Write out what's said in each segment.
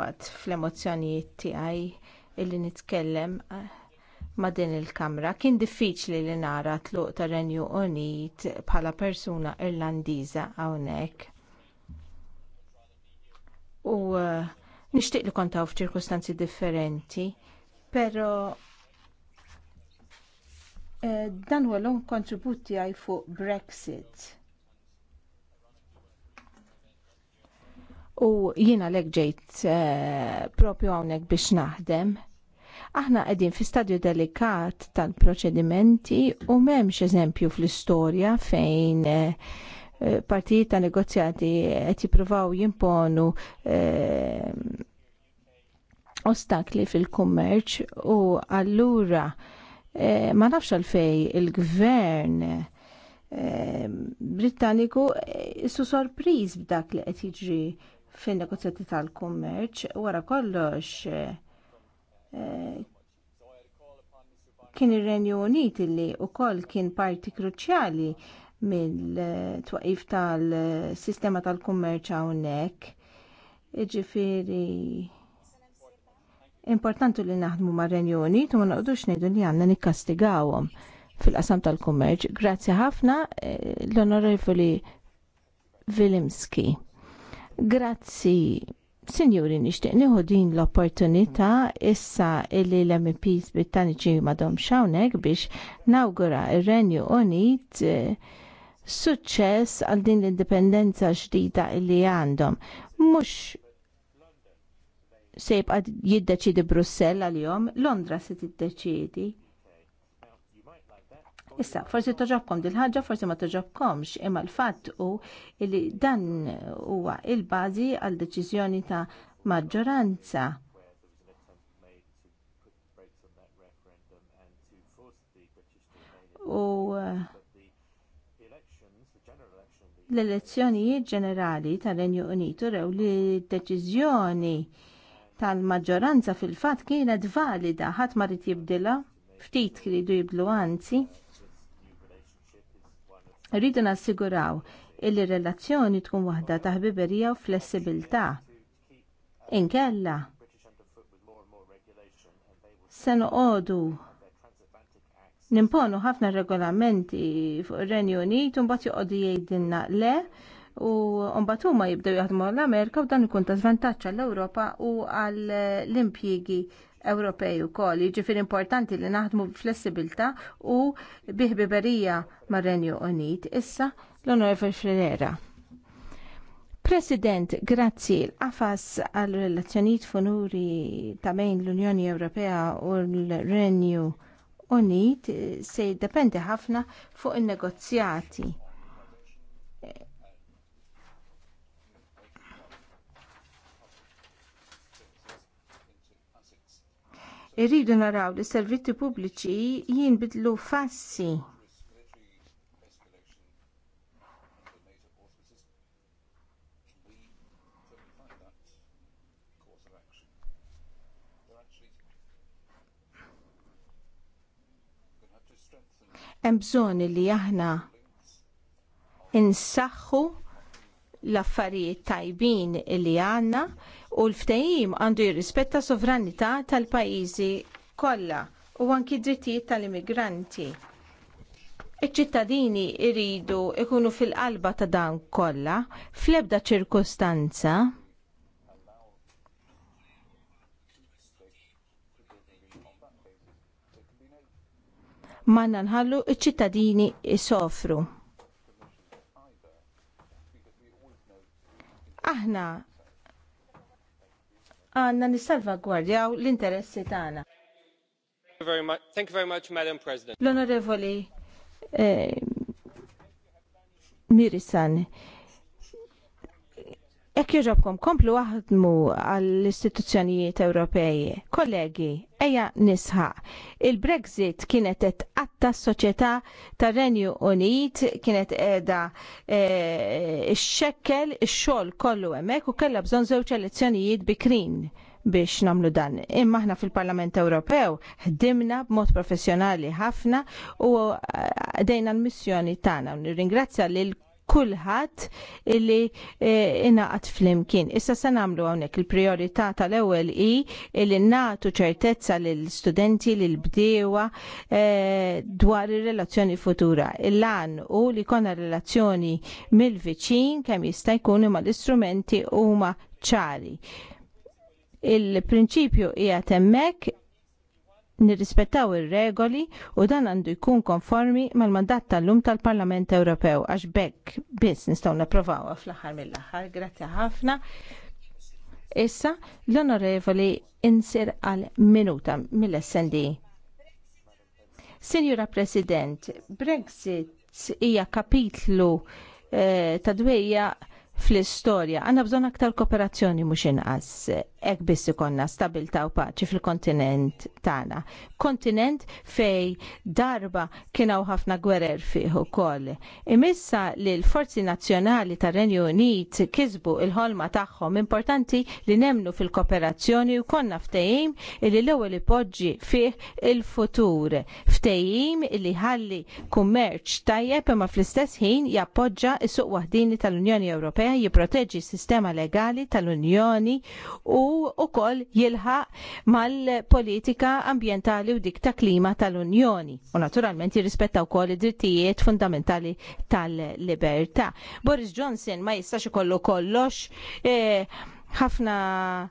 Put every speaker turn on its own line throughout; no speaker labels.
fatt fl-emozzjonijiet tiegħi illi nitkellem eh, ma' din il-Kamra. Kien diffiċli li nara tluq tar Renju Unit bħala persuna Irlandiża hawnhekk. U eh, nixtieq li kontaw f'ċirkustanzi differenti, però eh, dan huwa l-om kontributi għaj fuq Brexit. u jiena lek ġejt uh, propju hawnhekk biex naħdem. Aħna qegħdin fi stadju delikat tal-proċedimenti u m'hemmx eżempju fl-istorja fejn uh, partijiet ta' negozjati qed jippruvaw jimponu eh, ostakli fil-kummerċ u allura eh, ma nafx fej il-gvern eh, Britanniku issu sorpriż b'dak li qed jiġri fin-negozjati tal-kummerċ wara kollox eh, kien ir-Renju Unit li wkoll kien parti kruċjali mill-twaqif tal-sistema tal-kummerċ hawnhekk. Ġifiri importanti li naħdmu mar-Renju Unit u ma noqdux ngħidu li għandna nikkastigawhom fil-qasam tal-kummerċ. Grazzi ħafna eh, l-Onorevoli Vilimski. Grazzi. Sinjuri, nishtiq nieħu din l-opportunità issa illi l-MPs Britanniċi madom xawnek biex nawgura ir-Renju Unit eh, suċċess għal din l-indipendenza ġdida illi għandhom. Mux sejb għad jiddeċidi Brussell l jom Londra se tiddeċidi. Issa, forsi toġobkom dil ħaġa forsi ma toġobkomx, imma l-fatt u li dan huwa il-bażi għal deċiżjoni ta' maġġoranza. U uh, l-elezzjonijiet ġenerali tal-Renju Unitu rew li d-deċiżjoni tal-maġġoranza fil-fatt kienet valida ħadd ma rid jibdilha ftit li jibdlu anzi. Rridu nassiguraw illi relazzjoni tkun waħda ta' ħbiberija u flessibilità. Inkella se noqogħdu nimponu ħafna regolamenti fuq ir-Renju Unit u mbagħad joqogħdu jgħidilna le u mbagħad huma jibdew jaħdmu l-Amerika u dan ikun ta' żvantaġġ għall-Ewropa u għall impjiegi Ewropej ukoll. Jiġifieri importanti li naħdmu flessibilità u biħbiberija mar-Renju Unit. Issa l-Onorevol Ferreira. President, grazzi l-qafas għal relazzjonijiet funuri ta' bejn l-Unjoni Ewropea u l-Renju Unit se jiddependi ħafna fuq in-negozjati Irridu naraw li servizzi pubbliċi jinbidlu fassi. Hemm bżonn li aħna insaħħu l-affarijiet tajbin li għandna u l-ftehim għandu jirrispetta sovranità tal-pajjiżi kollha u anki drittijiet tal-immigranti. Iċ-ċittadini jridu ikunu fil-qalba ta' dan kollha fl-ebda ċirkostanza manna nħallu iċ-ċittadini jisofru. Aħna għanna nissalvagwardjaw l-interessi tagħna. Thank you very much, Madam President. L-Onorevoli eh, Mirisan, Jekk joġobkom komplu waħdmu għall-istituzzjonijiet Ewropej. Kollegi, eja nisħa. Il-Brexit kienet għatta s-soċjetà tar renju Unit, kienet edha e, xekkel x xogħol kollu hemmhekk u kellha bżonn żewġ elezzjonijiet bikrin biex namlu dan. Imma aħna fil-Parlament Ewropew ħdimna b'mod professjonali ħafna u e, dejna l-missjoni tagħna. Nirringrazzja lil kulħadd li eh, ingħaqad flimkien. Issa se nagħmlu hawnhekk il-prijorità tal-ewwel i li nagħtu ċertezza lill-studenti l bdiewa eh, dwar ir-relazzjoni futura. Il-lan u li konna relazzjoni mill-viċin kemm jista' jkun imma l-istrumenti huma ċari il-prinċipju hija temmek nirrispettaw ir-regoli u dan għandu jkun konformi mal-mandat tal-lum tal-Parlament Ewropew għax bekk biss nistgħu napprovaw fl-aħħar mill-aħħar. Grazzi ħafna. Issa l-onorevoli insir għal minuta mill-SND. Sinjura President, Brexit hija kapitlu eh, ta' dwejja fl-istorja. Għanna bżon aktar kooperazzjoni mux inqas. Ek biss ikonna stabilta u paċi fil-kontinent tagħna. Kontinent fej darba kienaw ħafna gwerer fih ukoll. Imissa li l-forzi nazzjonali tar renju Unit kisbu il-ħolma tagħhom importanti li nemnu fil-kooperazzjoni u konna ftehim li l-ewwel poġġi fih il-futur. Ftejim li ħalli kummerċ tajjeb imma fl-istess ħin jappoġġa is-suq waħdini tal-Unjoni Ewropea jipproteġi s-sistema legali tal-Unjoni u wkoll jilħaq mal-politika ambjentali u dik ta' klima tal-Unjoni. U naturalment jirrispetta wkoll id-drittijiet fundamentali tal-libertà. Boris Johnson ma jistax ikollu kollox eh, ħafna eh,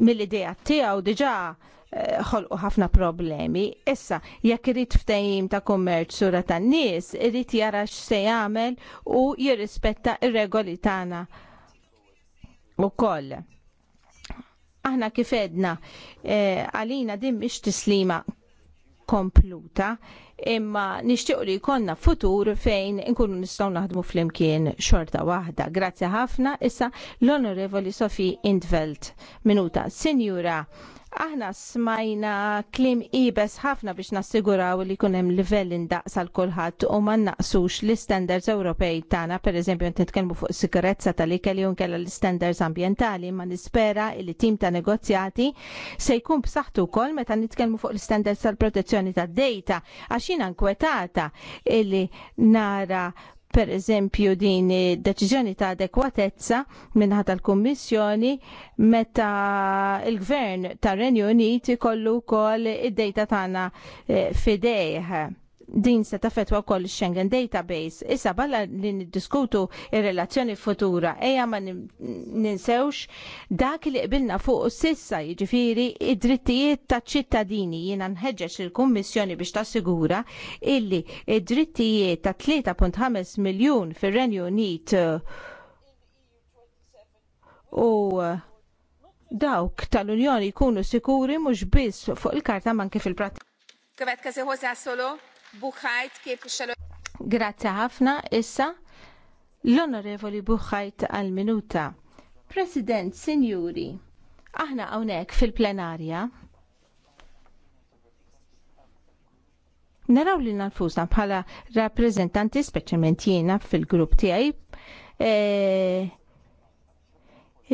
mill-idea tiegħu diġà ħolqu ħafna problemi. Issa, jekk irid ftehim ta' kummerċ sura tan nies, irid jara x'se jagħmel u jirrispetta r-regoli tagħna ukoll. Aħna kif edna e, għalina din mhix tislima kompluta, imma nixtiequ li jkollna futur fejn inkunu nistgħu naħdmu flimkien xorta waħda. Grazzi ħafna, issa l-Onorevoli Sofi Intveld, minuta, Sinjura Aħna smajna klim ibes ħafna biex nassiguraw li jkun hemm livell indaqs għal kulħadd u ma naqsux l-istandards Ewropej tagħna, pereżempju qed nitkellmu fuq sikurezza tal-ikel jew nkella l-istandards ambjentali, ma nispera li tim ta' negozjati se jkun b'saħħtu wkoll meta nitkellmu fuq l-istandards tal-protezzjoni tad-dejta għax jiena nkwetata illi nara per eżempju din deċiżjoni ta' adekwatezza minħa tal-Kummissjoni meta il-Gvern tar-Renju Unit ikollu wkoll id-dejta tagħna eh, fidejh din se tafetwa wkoll Schengen Database. Issa balla li niddiskutu il relazzjoni futura ejja ma ninsewx dak li qbilna fuq sissa jiġifieri id-drittijiet taċ ċittadini jiena nħeġġeġ il-Kummissjoni biex ta sigura illi id-drittijiet ta' 3.5 miljun fir-Renju Unit u dawk tal-Unjoni jkunu sikuri mhux biss fuq il-karta manki fil-prattika. Következő hozzászóló. Buħajt képviselő. Grazie ħafna, issa l-onorevoli Buħajt għal-minuta. President, Sinjuri, aħna hawnhekk fil-plenarja naraw li nalfusna bħala rappresentanti speċjalment jiena fil-grupp tiegħi e,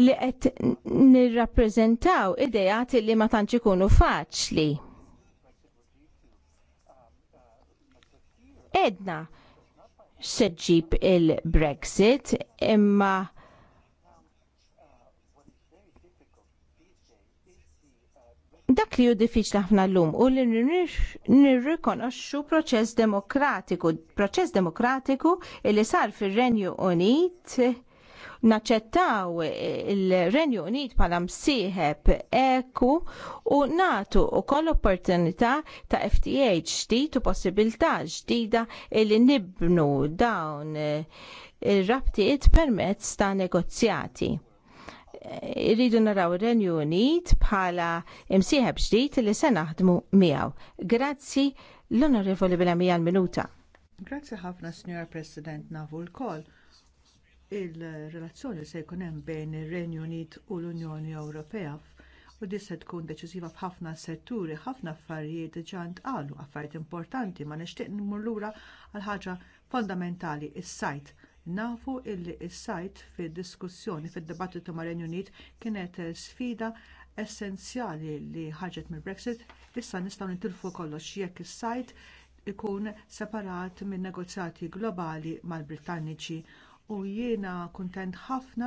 li qed nirrappreżentaw idejat li ma tantx ikunu faċli. edna seġġib il-Brexit imma dak li hu diffiċli ħafna llum u li nirrikonoxxu proċess demokratiku, proċess demokratiku li sar fir-Renju Unit naċċettaw il-Renju Unit bħala msieħeb eku u natu u koll opportunità ta' FTA ġdid u possibilità ġdida li nibnu dawn ir-rabtiet permezz ta' negozjati. Irridu naraw renju Unit bħala msieħeb ġdid li se naħdmu miegħu. Grazzi l-Onorevoli Bilamija l-Minuta.
Grazzi ħafna, Signor President, nafu l-koll il-relazzjoni se jkun hemm bejn ir-Renju Unit u l-Unjoni Ewropea u di se tkun deċiżiva f'ħafna setturi, ħafna affarijiet diġà ntqalu affarijiet importanti ma nixtieq nmur lura għal ħaġa fondamentali is-sajt. Nafu illi is-sajt fid-diskussjoni fid-dibattitu mar Renju Unit kienet sfida essenzjali li ħarġet mill-Brexit, issa nistgħu nitilfu kollox jekk is-sajt ikun separat minn negozjati globali mal-Britanniċi u jiena kuntent ħafna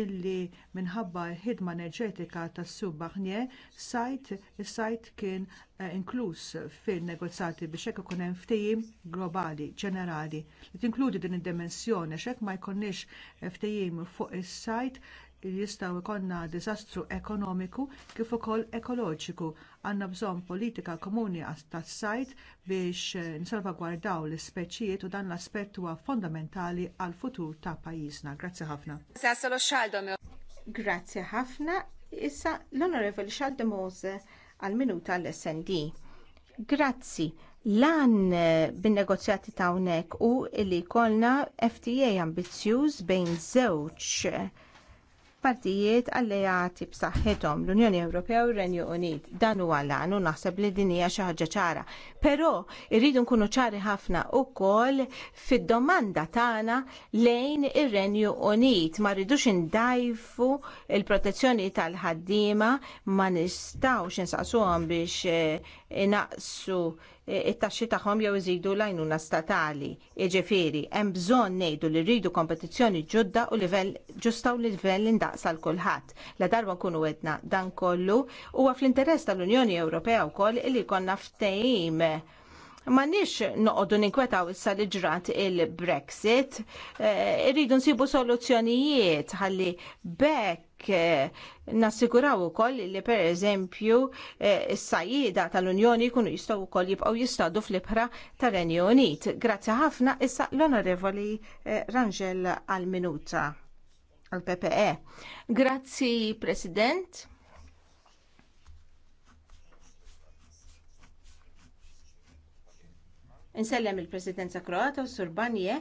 illi minħabba l-ħidma enerġetika tas subbaħnie Barnier sajt sajt kien eh, inkluż fin-negozjati biex hekk ikun hemm ftehim globali ġenerali li tinkludi din id-dimensjoni x'hekk ma jkunniex ftehim fuq is-sajt jistgħu jkollna diżastru ekonomiku kif ukoll ekoloġiku. Għandna bżonn politika komuni tas-sajt biex eh, nsalvagwardaw l-ispeċijiet u dan l-aspett huwa fondamentali għall futur ta' pajjiżna. Grazzi ħafna.
Grazzi ħafna. Issa l-Onorevoli Mose għall minuta l-SND. Grazzi lan eh, bin-negozjati ta' hawnhekk u li jkollna FTA ambizzjuż bejn żewġ eh, partijiet allejati b'saħħithom l-Unjoni Ewropea u r-Renju Unit. Dan huwa lan u naħseb li din hija xi ħaġa ċara. Però irridu nkunu ċari ħafna wkoll fid-domanda tagħna lejn ir-Renju Unit. Ma rridux indajfu il-protezzjoni tal-ħaddiema ma nistgħux insaqsuhom biex eh, inaqsu it-taxxi tagħhom jew iżidu l-għajnuna statali. Jiġifieri hemm bżonn ngħidu li rridu kompetizzjoni ġodda u livell ġusta u livell indaqsa l kulħadd. La darba nkunu wedna dan kollu huwa fl-interess tal-Unjoni Ewropea wkoll li jkollna ftehim Ma nix noqdu ninkwetaw issa li ġrat il-Brexit, eh, irridu nsibu soluzzjonijiet ħalli bekk eh, nassiguraw ukoll li per eżempju eh, s-sajjida tal-Unjoni jkunu jistgħu wkoll jibqgħu jistadu fl-ibħra tar-Renju Unit. Grazzi ħafna issa l-Onorevoli Rangel għal-Minuta għal-PPE. Grazzi, President. Insellem il-Presidenza Kroata u Sur Banje,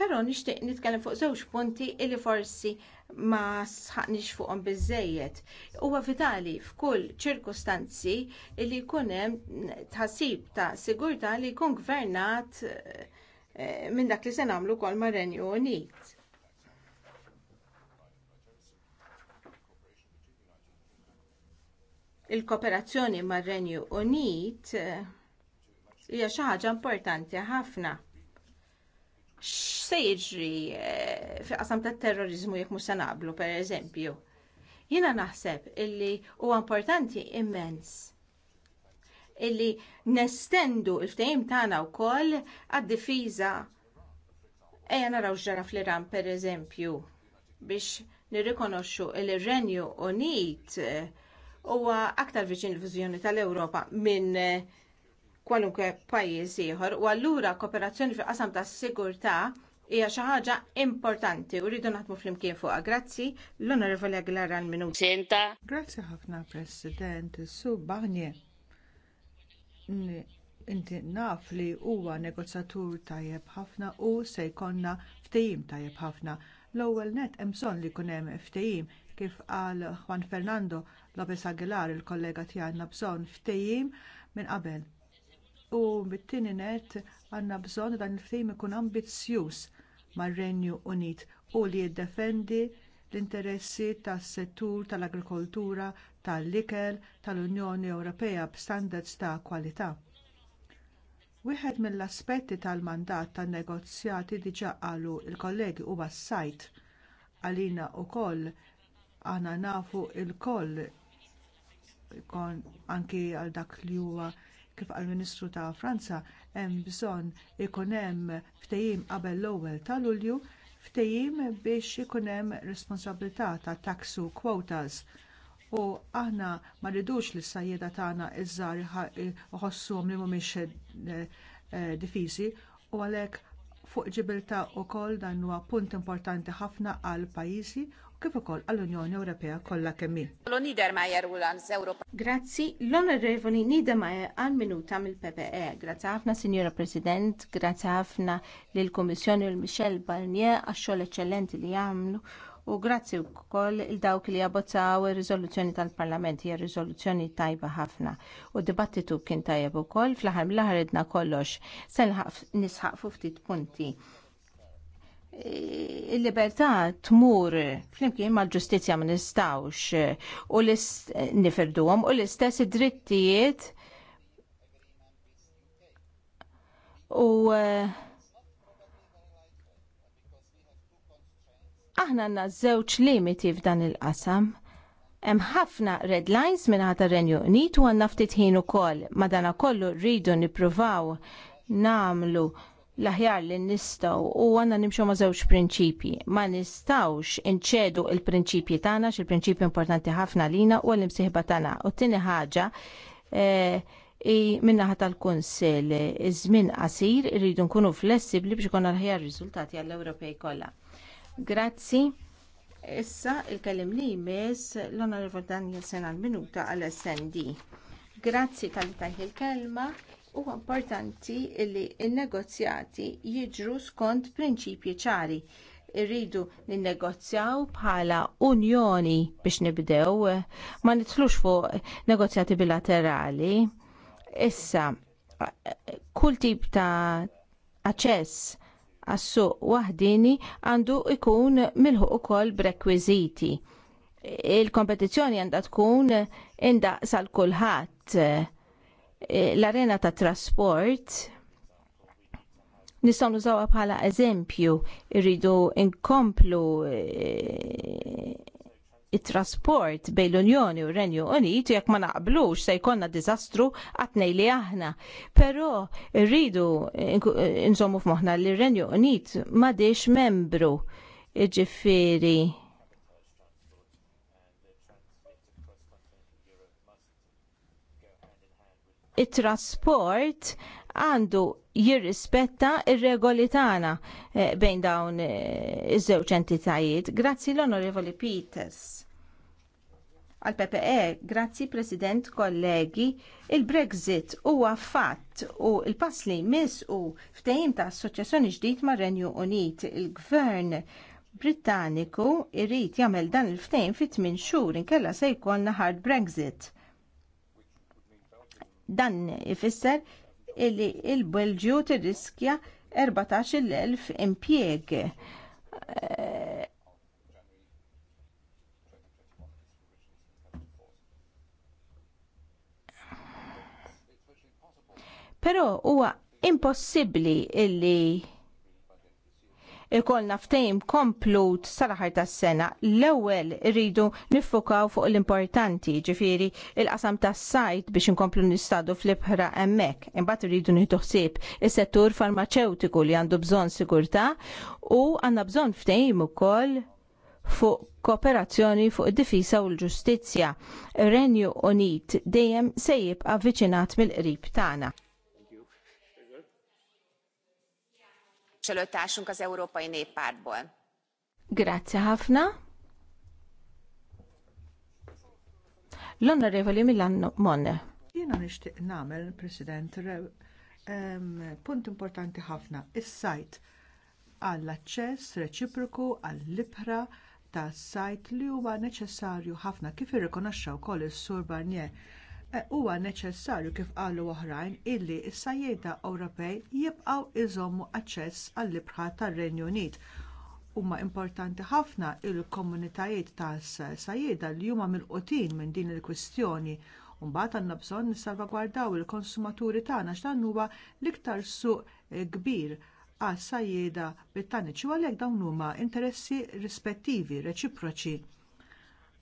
però nixtieq nitkellem fuq żewġ punti illi forsi ma sħaqniex fuqhom biżżejjed. Huwa vitali f'kull ċirkustanzi li jkun hemm tħassib ta' sigurtà li jkun gvernat eh, minn dak li se nagħmlu wkoll mar-Renju Unit. Il-kooperazzjoni mar-Renju Unit eh, hija xi ħaġa importanti ħafna. X'se jiġri eh, fi qasam tat-terrorizmu jekk mhux se naqblu pereżempju. Jiena naħseb illi huwa importanti immens illi nestendu l ftehim tagħna wkoll għad-difiża Eja naraw ġara fl-Iran per eżempju biex nirrikonoxxu il renju Unit eh, huwa aktar viċin il fużjoni tal-Ewropa minn eh, kwalunkwe pajjiż ieħor u allura kooperazzjoni fil-qasam tas-sigurtà hija xi ħaġa importanti u rridu naħdmu flimkien fuqha. Grazzi l-Onorevoli Aguilar għal minut. Senta.
Grazzi ħafna President Su Inti naf li huwa negozjatur tajjeb ħafna u se jkollna ftehim tajjeb ħafna. L-ewwel net hemm bżonn li jkun hemm ftehim kif qal Juan Fernando Lopez Aguilar il-kollega tiegħna bżonn ftehim minn qabel U mit tieni net għandna bżonn dan il-ftehim ikun ambizzjuż mar-Renju Unit u li jiddefendi l-interessi tas-settur tal-agrikoltura, tal-ikel, tal-Unjoni Ewropea b'standards ta' kwalità. Wieħed mill-aspetti tal-mandat tan-negozjati diġà qalu l kollegi huwa s-sajt għalina wkoll aħna nafu lkoll anki għal dak li huwa kif għall ministru ta' Franza, hemm bżonn ikun hemm ftehim qabel l-ewwel ta' Lulju, ftehim biex ikun hemm responsabilità ta' taksu quotas. U aħna ma rridux li s-sajjeda tagħna iż-żar iħossuhom li mhumiex eh, eh, difiżi u għalhekk fuq ġibilta wkoll dan huwa punt importanti ħafna għal pajjiżi kif ukoll għall-Unjoni Ewropea kollha kemm hi.
u l-Europa. Grazzi, l-Onorevoli Niedermeyer
għal minuta
mill-PPE. Grazzi ħafna, Sinjora President, grazzi ħafna lill-Kummissjoni u l-Michel Barnier għax-xogħol eċċellenti li jagħmlu u grazzi wkoll il-dawk li jabbozzaw ir-riżoluzzjoni tal-Parlament hija riżoluzzjoni tajba ħafna. U dibattitu kien tajjeb ukoll fl-aħħar mill-aħħar idna kollox se nisħaq ftit punti il-libertà tmur flimkien mal-ġustizja ma nistawx eh, u eh, nifirduhom u l-istess id-drittijiet u eh, aħna għanna żewġ limiti f'dan il-qasam. Hemm ħafna red lines minn ħata Renju Unit u għandna ftit ħin ukoll madana kollu rridu nippruvaw namlu l-aħjar li nistaw u għanna nimxu ma' żewġ prinċipji. Ma nistawx inċedu il-prinċipji tagħna xi prinċipju importanti ħafna lina u l-imsieħba tagħna. U t tieni ħaġa eh, i minnaħa tal kunsel iż-żmien qasir irridu nkunu flessibbli biex ikun l-aħjar riżultati għall-Ewropej kollha. Grazzi. Issa il-kellim li jmiss l-Onorevol Daniel Sena l-Minuta għal-SND. Grazzi tal-tajħi il-kelma. Huwa importanti li n-negozjati jiġru skont prinċipji ċari. Irridu ninnegozjaw bħala unjoni biex nibdew, ma nitlux fuq negozjati bilaterali. Issa, kull tip ta' aċċess għas-suq waħdini għandu jkun milħuq ukoll b'rekwiżiti. Il-kompetizzjoni għandha tkun indaqsa għal kulħadd Eh, l-arena ta' trasport nistgħu nużawha bħala eżempju irridu nkomplu eh, it-trasport bejn l-Unjoni u Renju Unit jekk ma naqblux se jkollna diżastru għatnej li aħna. Però rridu eh, nżommu f'moħħna li r Renju Unit m'għadix membru ġifiri it-trasport għandu jirrispetta r regoli tagħna eh, bejn dawn eh, iż-żewġ entitajiet. Grazzi l-Onorevoli Peters. Għal PPE, grazzi President kollegi, il-Brexit huwa fatt u l-pass li jmiss u ftehim ta' assoċjazzjoni ġdid mar-Renju Unit, il-Gvern Britanniku irrid jagħmel dan il-ftehim fit-tmien xhur inkella se jkollna hard Brexit Dan ifisser illi il-Belġju tirriskja 14,000 impjieg. Però huwa impossibbli illi Ikollna ftejm komplut sal-aħar tas-sena. L-ewwel iridu niffukaw fuq l-importanti, ġifieri il-qasam tas-sajt biex inkomplu nistadu fl-ibħra hemmhekk. Imbagħad irridu nieħdu ħsieb is-settur farmaceutiku li għandu bżonn sigurtà u għandna bżonn ftehim ukoll fuq kooperazzjoni fuq id-difisa u l-ġustizzja. Renju Unit dejjem se jibqa' viċinat mill-qrib tagħna. képviselőtársunk az Európai Néppártból. Grazie ħafna. L-Onorevoli Milan Monne.
Jiena nixtieq nagħmel, President, punt importanti ħafna, is-sajt għall-aċċess reċiproku għall libra tas sajt li huwa neċessarju ħafna kif irrikonoxxa wkoll is-Sur Barnier huwa neċessarju kif qalu oħrajn illi s-sajjeda Ewropej jibqgħu iżommu aċċess għall-libħa tar-Renju Unit. Huma importanti ħafna il komunitajiet tas sajjeda li huma milqutin minn din il-kwistjoni u mbagħad għandna bżonn nissalvagwardaw il-konsumaturi tagħna x'dan huwa l-iktar suq eh, kbir għas sajjeda Brittaniċi u għalhekk dawn huma interessi rispettivi reċiproċi.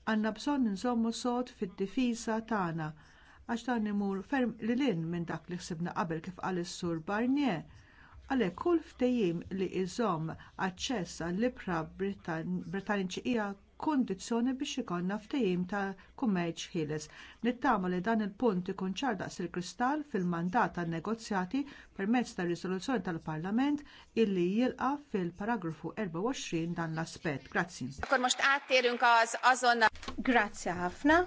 Għandna bżonn nżommu sod fid-difiża tagħna għax dan imur ferm lilin minn dak li ħsibna qabel kif qal sur Barnier. Għalhekk kull ftehim li jżomm aċċess għall-libra Britanniċi hija kundizzjoni biex ikollna ftehim ta' kummerċ ħieles. Nittama li dan il-punt ikun ċar daqs il-kristall fil-mandat tan negozjati permezz tar riżoluzzjoni tal-Parlament illi jilqa fil-paragrafu 24 dan l-aspett. Grazzi.
Grazzi ħafna.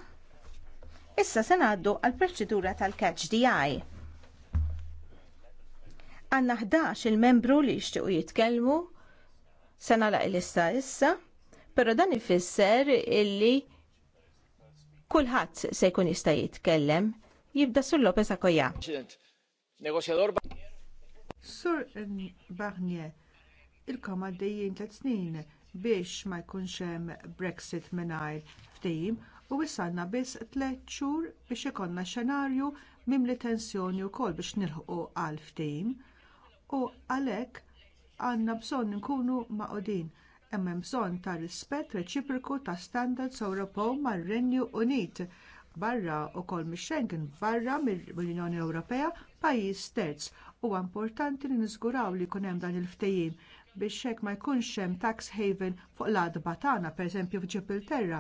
Issa se ngħaddu għall proċedura tal-catch DI. Għanna 11 il-membru li jixtiequ jitkellmu se nagħlaq il-lista issa, però dan ifisser illi kulħadd se jkun jista' jitkellem. Jibda Sur Lopez Akoja.
Sur Barnier, il-koma dejjin tliet snin biex ma jkunx hemm Brexit mingħajr ftehim u wissalna biss tlet xhur biex ikollna xenarju mimli tensjoni wkoll biex nilħqu għal ftehim u għalhekk għandna bżonn nkunu maqodin hemm hemm bżonn ta' rispett reċiproku ta' standards Ewropew mar-Renju Unit barra wkoll mix-Schengen barra mill-Unjoni Ewropea pajjiż terz huwa importanti li niżguraw li jkun hemm dan il-ftehim biex hekk ma jkunx hemm tax haven fuq l-adba tagħna, pereżempju f'Ġibilterra,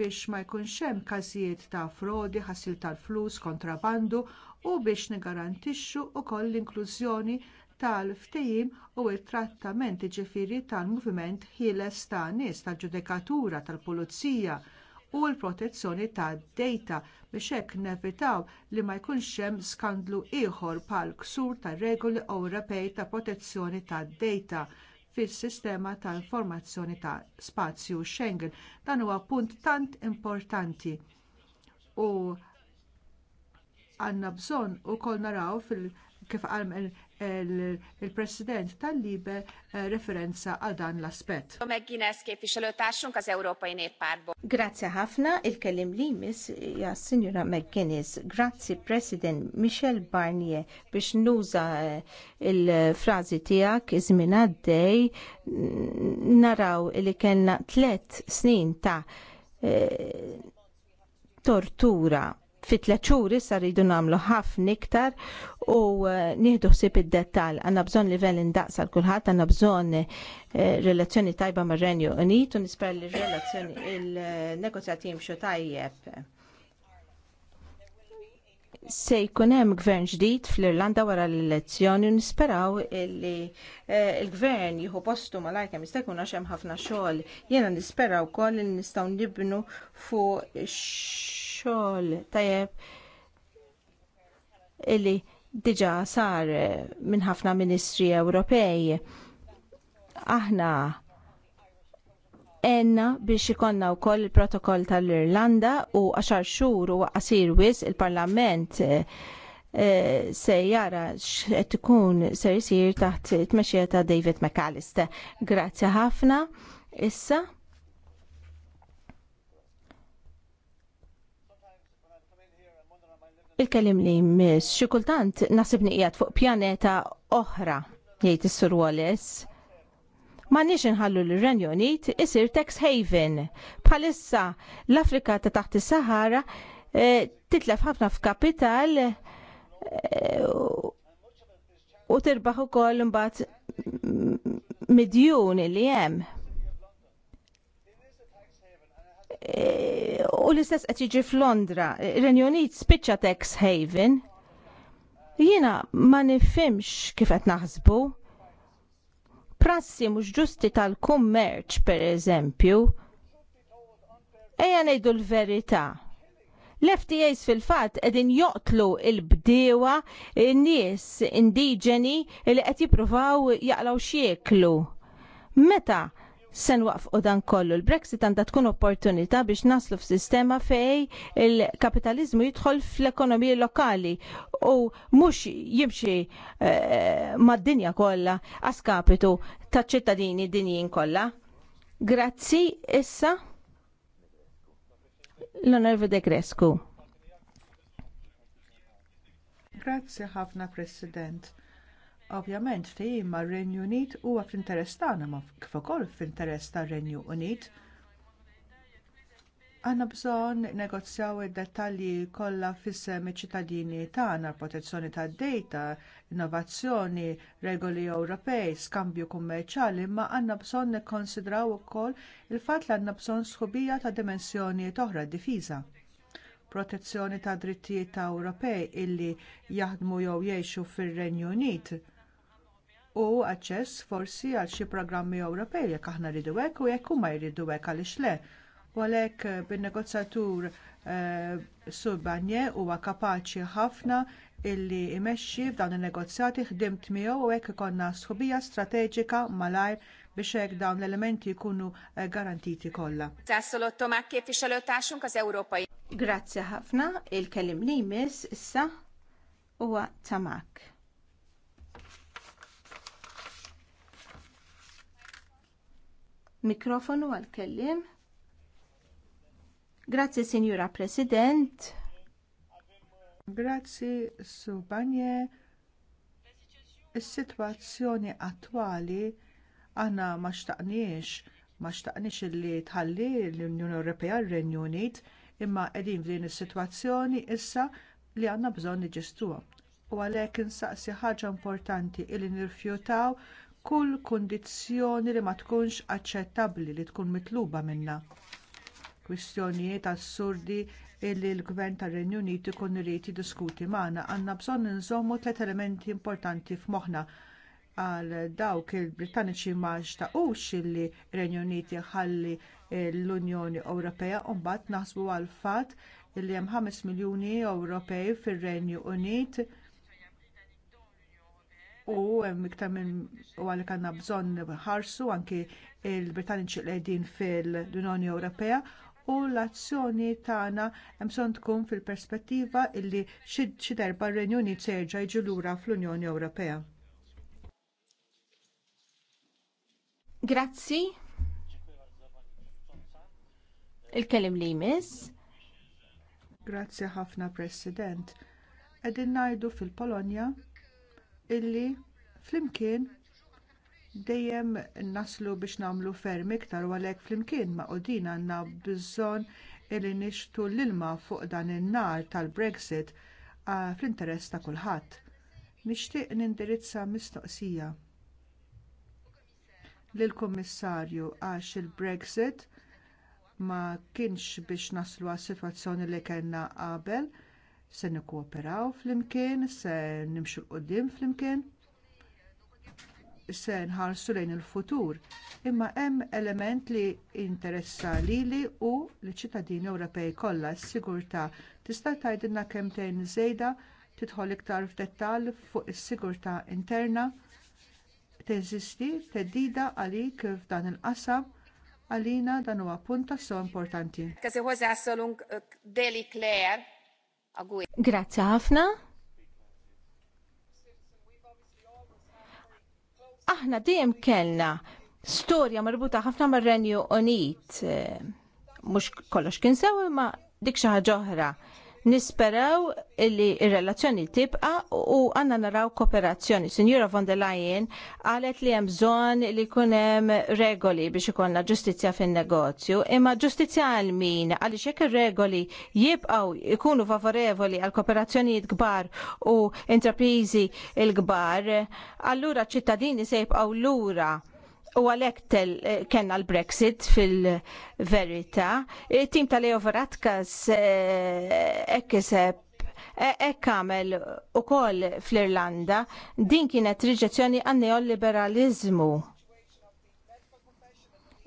biex ma jkunx hemm każijiet ta' frodi, ħassil tal-flus, kontrabandu u biex nigarantixxu wkoll l-inklużjoni tal-ftehim u t-trattament ġifiri tal-moviment ħieles ta' nies tal-ġudikatura, tal-pulizija u l-protezzjoni tad-dejta biex hekk nevitaw li ma jkunx hemm skandlu ieħor bħall ksur tar regoli Ewropej ta' protezzjoni tad-dejta fis-sistema ta' informazzjoni ta' spazju Schengen. Dan huwa punt tant importanti u għandna bżonn ukoll naraw fil- kif għalmen il-President tal-Libe eh, referenza għal dan l-aspett.
Meggines Grazie ħafna, il-kellim li mis ja Signora McGuinness, grazie President Michel Barnier biex nuża eh, il-frazi tijak izmin għaddej naraw li kena tlet snin ta' eh, tortura fit ċuri sar ridu namlu ħafna iktar u eh, nieħdu ħsieb id-dettal. Għandna bżonn livell indaqsa l kulħadd, għanna bżon eh, relazzjoni tajba mar-Renju Unit u nisper li relazzjoni il-negozjati eh, jimxu tajjeb se jkun hemm gvern ġdid fl-Irlanda wara l-elezzjoni u nisperaw li eh, l-gvern jieħu postu malajr kemm jista' jkun għax hemm ħafna xogħol. Jiena nisperaw ukoll li nistgħu nibnu fuq xogħol tajjeb illi diġà sar minn ħafna ministri Ewropej. Aħna enna biex ikonna wkoll il-protokoll tal-Irlanda u għaxar xhur u qasir wis il-Parlament eh, eh, se jara x'qed ikun ser isir taħt it-tmexxija ta' David McAllister. Grazzi ħafna. Issa il-kelim li mis xi kultant jgħat qiegħed fuq pjaneta oħra jgħid is-Sur Wallace. Ma nix nħallu l-Renju Unit isir tax haven. Bħalissa l-Afrika ta' taħt is-Sahara eh, titlef ħafna f'kapital eh, u tirbaħ ukoll imbagħad midjun li hemm. U l-istess qed jiġi f'Londra, Renju Unit spiċċa tax haven. Jiena ma nifhimx kif qed naħsbu prassi mhux ġusti tal-kummerċ pereżempju. Ejja ngħidu l-verità. L-FTAs fil-fat edin joqtlu il-bdewa n-nies indiġeni li qed jippruvaw jaqlaw xieklu. Meta sen waqfqu dan kollu. Il-Brexit għandha tkun opportunità biex naslu f'sistema fej il-kapitalizmu jidħol fl-ekonomiji lokali u mhux jimxi uh, mad-dinja kollha askapitu taċ ċittadini dinjin kollha. Grazzi issa l-Onorvi De Gresku.
Grazzi ħafna President Ovvjament ftehim mar-Renju Unit huwa fl-interess tagħna ma kif ukoll fl-interess tar-Renju Unit. Għandna bżonn negozjaw id-dettalji kollha fis-sem ċittadini tagħna protezzjoni tad-dejta, innovazzjoni, regoli Ewropej, skambju kummerċjali, imma għandna bżonn nikkonsidraw ukoll il-fatt li għandna bżonn sħubija ta' dimensjoni oħra difiża protezzjoni tad drittijiet ta' Ewropej illi jaħdmu jew jgħixu fir-Renju Unit u aċċess forsi għal xi programmi Ewropej jekk aħna rridu hekk u jekk huma jridu hekk għaliex le. U għalhekk eh, bin-negozjatur uh, eh, Surbanje huwa kapaċi ħafna illi imexxi f'dawn in-negozjati ħdimt miegħu u hekk ikonna sħubija strateġika malajr biex hekk dawn l-elementi jkunu eh, garantiti kollha.
Grazzi ħafna, il-kelim li jmiss issa huwa Tamak. Mikrofonu għal-kellim. Grazzi, Signora President.
Grazzi, Subanje. Is-sitwazzjoni attwali għana ma xtaqniex, ma xtaqniex li tħalli l-Unjoni Ewropea r-Renju Unit imma qegħdin f'din is-sitwazzjoni issa li għandna bżonn niġestuha. U għalhekk insaqsi ħaġa importanti li nirfjutaw kull kundizzjoni li ma tkunx aċċettabbli li tkun mitluba minnha. Kwistjonijiet assurdi illi l-Gvern tar renju Unit ikun irid jiddiskuti magħna għandna bżonn nżommu tliet elementi importanti f'moħħna għal dawk il-Britanniċi ma xtaqux illi renju Unit jħalli l-Unjoni Ewropea u mbagħad naħsbu għal fatt illi hemm 5 miljuni Ewropej fir-Renju Unit u hemm iktar minn u għalhekk għandna bżonn ħarsu anki l britanniċi li qegħdin fil-Unjoni Ewropea u l-azzjoni tagħna hemm bżonn tkun fil-perspettiva illi xi darba r-Renju Unit se lura fl-Unjoni Ewropea. Grazzi. Il-kelim li jmiss. Grazzi ħafna President. Qegħdin ngħidu fil-Polonja illi flimkien dejjem naslu biex nagħmlu ferm iktar u għalhekk flimkien ma' qudin għandna bżonn illi nixtu l-ilma fuq dan in-nar tal-Brexit ah, fl-interess ta' kulħadd. Nixtieq nindirizza mistoqsija lill kummissarju għax il-Brexit ma kienx biex naslu għas sitwazzjoni li kellna qabel se nikkooperaw flimkien, se nimxu l-qoddim flimkien, se nħarsu lejn il-futur. Imma hemm element li interessa lili u liċ ċittadini Ewropej kollha s-sigurtà. Tista' tgħidilna kemm tgħin żejda tidħol iktar f'dettall fuq is-sigurtà interna teżisti teddida għalik f'dan il-qasam għalina dan huwa punt so importanti.
Kasi hozzászólunk uh, Deli Claire
Grazzi ħafna.
Aħna dejjem kellna storja marbuta ħafna mar-Renju Unit. Eh, mhux kollox kien sew ma dik xi ħaġa oħra nisperaw li il-relazzjoni tibqa u għanna naraw kooperazzjoni. Signora von der Leyen għalet li hemm bżonn li jkun hemm regoli biex ikonna ġustizzja fin-negozju, imma ġustizzja għal min għaliex xek ir-regoli jibqgħu jkunu favorevoli għal kooperazzjonijiet kbar u intraprizi l-kbar, allura ċittadini se jibqgħu lura U għalek eh, kena l-Brexit fil-verita, tim tal-Leo Varadkas ekkiseb eh, eh, Ek għamel u kol fl-Irlanda, din kienet riġezzjoni għan neoliberalizmu.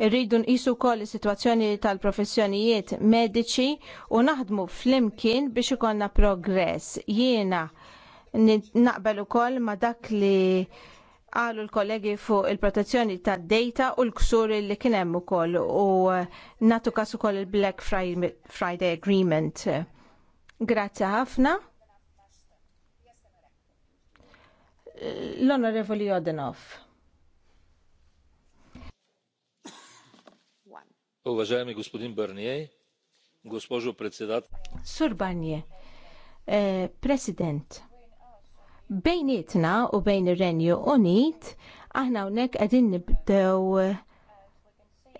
Irridu nqisu wkoll is-sitwazzjoni tal-professjonijiet mediċi u naħdmu flimkien biex ikollna progress. Jiena naqbel ukoll ma dak li għalu l-kollegi fuq il-protezzjoni ta' data u l-ksur li kien hemm ukoll u eh, natu kasu ukoll il-Black Friday Agreement. Grazzi ħafna. L-Onorevoli Jodenov.
Uważajmy gospodin Barnier, госпожо председател.
Sur Barnier, eh, President bejnietna u bejn ir-Renju Unit aħna hawnhekk qegħdin nibdew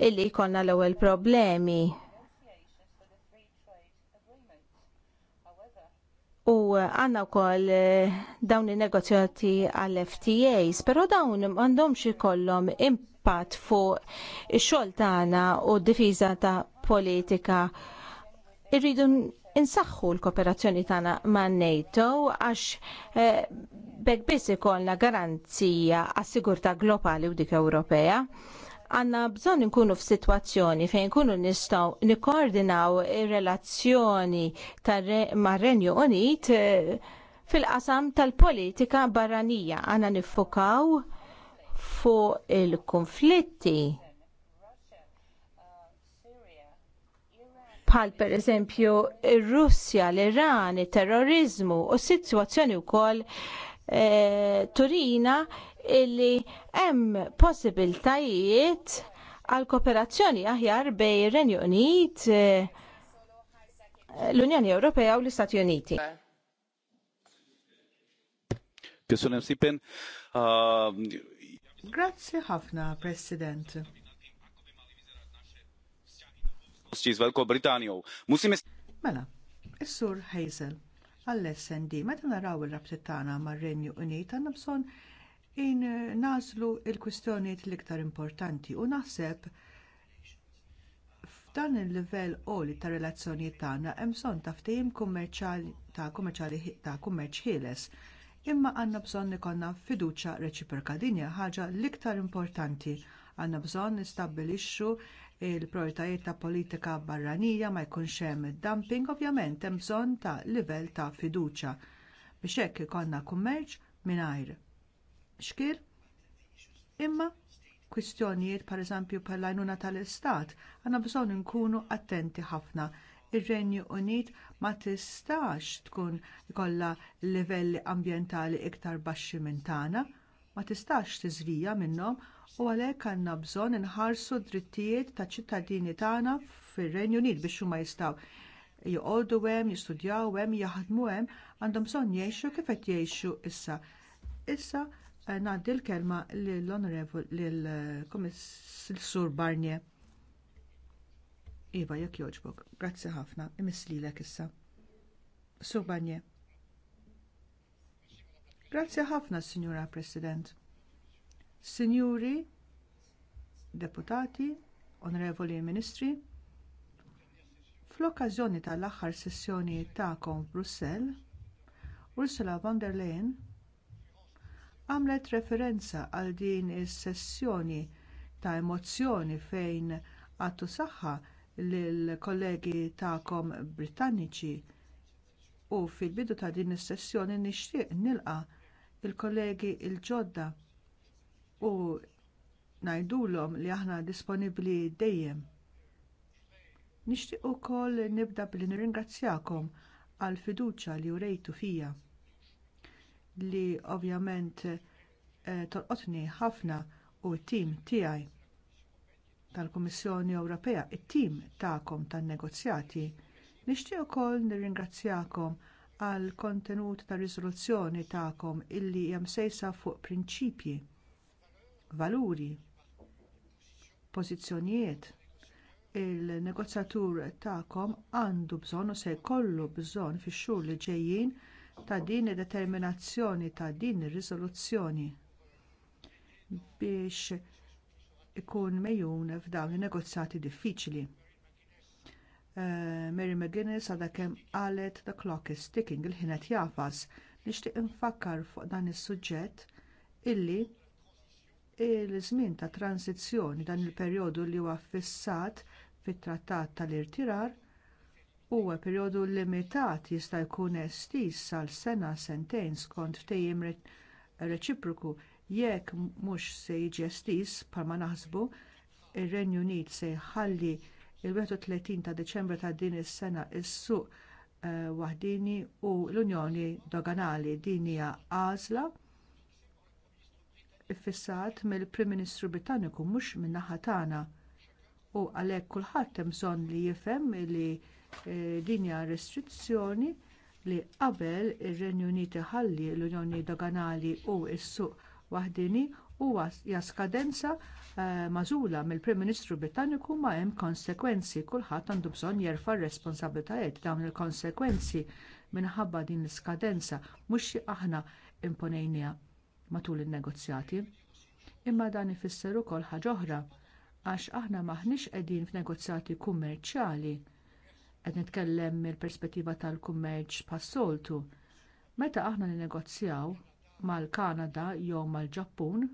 illi jkollna l-ewwel problemi. U għanna u koll eh, dawn i negozjati għal-FTAs, pero dawn għandhomx ikollhom impatt fuq ix-xogħol tagħna u d-difiża ta' politika. Irridu insaħħu l-kooperazzjoni tagħna ma' NATO għax eh, bekk biss ikollna garanzija għas-sigurtà globali u dik Ewropea għanna bżon nkunu f-situazzjoni fejn nkunu nistaw nikkoordinaw ir-relazzjoni mar-Renju Unit eh, fil-qasam tal-politika barranija għanna nifukaw fuq il-konflitti bħal pereżempju eżempju Russja, l-Iran, it terrorizmu u s-sitwazzjoni wkoll e, turina illi hemm possibiltajiet għal kooperazzjoni aħjar bejn ir-Renju Unit e, l-Unjoni Ewropea u l-Istati
Uniti. Uh, Grazzi ħafna, President
s Velko Britanju. Musimis.
Mela, is-sur Hazel, għall-SND, meta naraw il-rabtiet ma mar-Renju Unit għandna bżonn in eh, nażlu l-kwistjonijiet l-iktar importanti u naħseb f'dan il-livell qoli ta' relazzjonijiet tagħna hemm ta' ftejim kummerċali ta' kummerċjali ta' kummerċ ħieles. Imma għandna bżonn nikonna fiduċa reċiproka dinja ħaġa l-iktar importanti. Għandna bżonn nistabbilixxu il-prioritajiet ta' politika barranija ma jkunx hemm dumping, ovvjament hemm bżonn ta' livell ta' fiduċja biex hekk ikollna kummerċ mingħajr X'kir? imma kwistjonijiet pereżempju bħal għajnuna tal-istat għandna bżonn inkunu attenti ħafna ir-Renju Unit ma tistax tkun ikollha livelli ambjentali iktar baxxi minn tagħna, ma tistax tiżvija minnhom u għalhekk għandna bżonn inħarsu d drittijiet taċ ċittadini tagħna fir-Renju Unit biex huma jistgħu joqogħdu hemm, jistudjaw hemm, jaħdmu hemm, għandhom bżonn jgħixu kif qed jgħixu issa. Issa eh, ngħaddi l-kelma lill-Onorevol lill-Sur Barnier. Iva, jekk jogħġbok, grazzi ħafna, imislilek issa. Sur Barnier. Grazzi ħafna, Signora President. Signuri deputati, onorevoli ministri, fl-okkażjoni tal-aħħar sessjoni tagħkom Brussell, Ursula von der Leyen għamlet referenza għal din is-sessjoni ta' emozzjoni fejn għattu saħħa lill kollegi tagħkom Britanniċi u fil-bidu ta' din is-sessjoni nixtieq nilqa' il-kollegi l ġodda u ngħidulhom li aħna disponibbli dejjem. Nixtieq ukoll nibda billi nirringrazzjakom għall fiduċja li urejtu fija li ovvjament eh, tolqotni ħafna u t-tim tiegħi tal-Kummissjoni Ewropea, it-tim tagħkom tan-negozjati, nixtieq ukoll nirringrazzjakom għall kontenut tar riżoluzzjoni tagħkom illi hemm sejsa fuq prinċipji valuri, pożizzjonijiet. Il-negozjatur tagħkom għandu bżonn u se jkollu bżonn fix-xhur li ġejjin ta' din id-determinazzjoni ta' din ir-riżoluzzjoni biex ikun mejjun f'dawn in negozjati diffiċli. Uh, Mary McGuinness għadha kemm qalet the clock is ticking il-ħinet jafas nixtieq infakkar fuq dan is-suġġett illi il-żmien ta' transizzjoni dan il-perjodu li huwa fissat fit-trattat tal-irtirar huwa perjodu limitat jista' jkun estis sal sena sentejn skont ftehim reċiproku jekk mhux se jiġi estis bħalma naħsbu ir-Renju Unit se jħalli il-31 ta' Deċembru ta' din is-sena is-suq eh, waħdini u l-Unjoni Doganali din hija għażla ifissat mill-Prim Ministru Britanniku mhux min-naħa tagħna. U għalhekk kulħadd hemm bżonn li jifhem li eh, din hija restrizzjoni li qabel ir-Renju Uniti ħalli l-Unjoni Doganali u s-suq waħdini huwa jaskadenza eh, magħżula mill-Prim Ministru Britanniku ma hemm konsegwenzi kulħadd għandu bżonn jerfa' r-responsabbiltajiet dawn il-konsegwenzi minħabba din l-iskadenza mhux aħna imponejnija matul in-negozjati. Imma dan ifisser ukoll ħaġa oħra għax aħna maħniex qegħdin f'negozjati kummerċjali qed nitkellem mill-perspettiva tal-kummerċ pas-soltu. Meta aħna ninegozjaw mal-Kanada jew mal-Ġappun,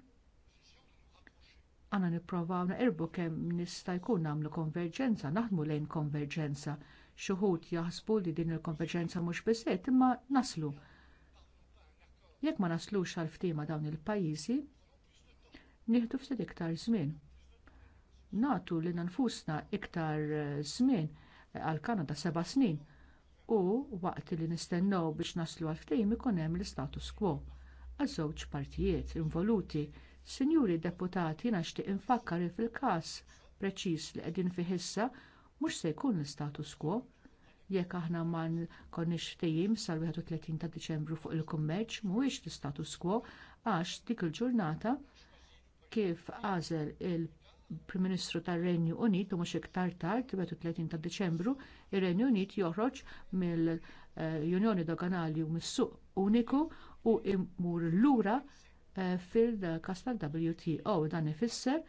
għana nipprovaw naqirbu kemm nista' jkun nagħmlu konverġenza, naħdmu lejn konverġenza. Xi wħud jaħsbu li din il-konverġenza mhux biżżejjed imma naslu Jekk ma naslux għal ftima dawn il-pajjiżi, nieħdu ftit iktar żmien. Natu li nanfusna iktar eh, żmien eh, għal Kanada seba' snin u waqt li nistennew biex naslu għal ftehim ikun hemm l-status quo għal żewġ partijiet involuti. Sinjuri deputati naxtieq infakkar fil-każ preċiż li qegħdin fiħissa mhux se jkun l-status quo jekk aħna ma konniex tejjim sal-31 ta' Diċembru fuq il-kummerċ mhuwiex l-status quo għax dik il-ġurnata kif għażel il-Prim Ministru tar-Renju Unit u mhux iktar tard 31 ta' Diċembru, ir-Renju Unit joħroġ mill-Unjoni Doganali u mis-suq uniku u imur lura eh, fil-kas tal-WTO dan ifisser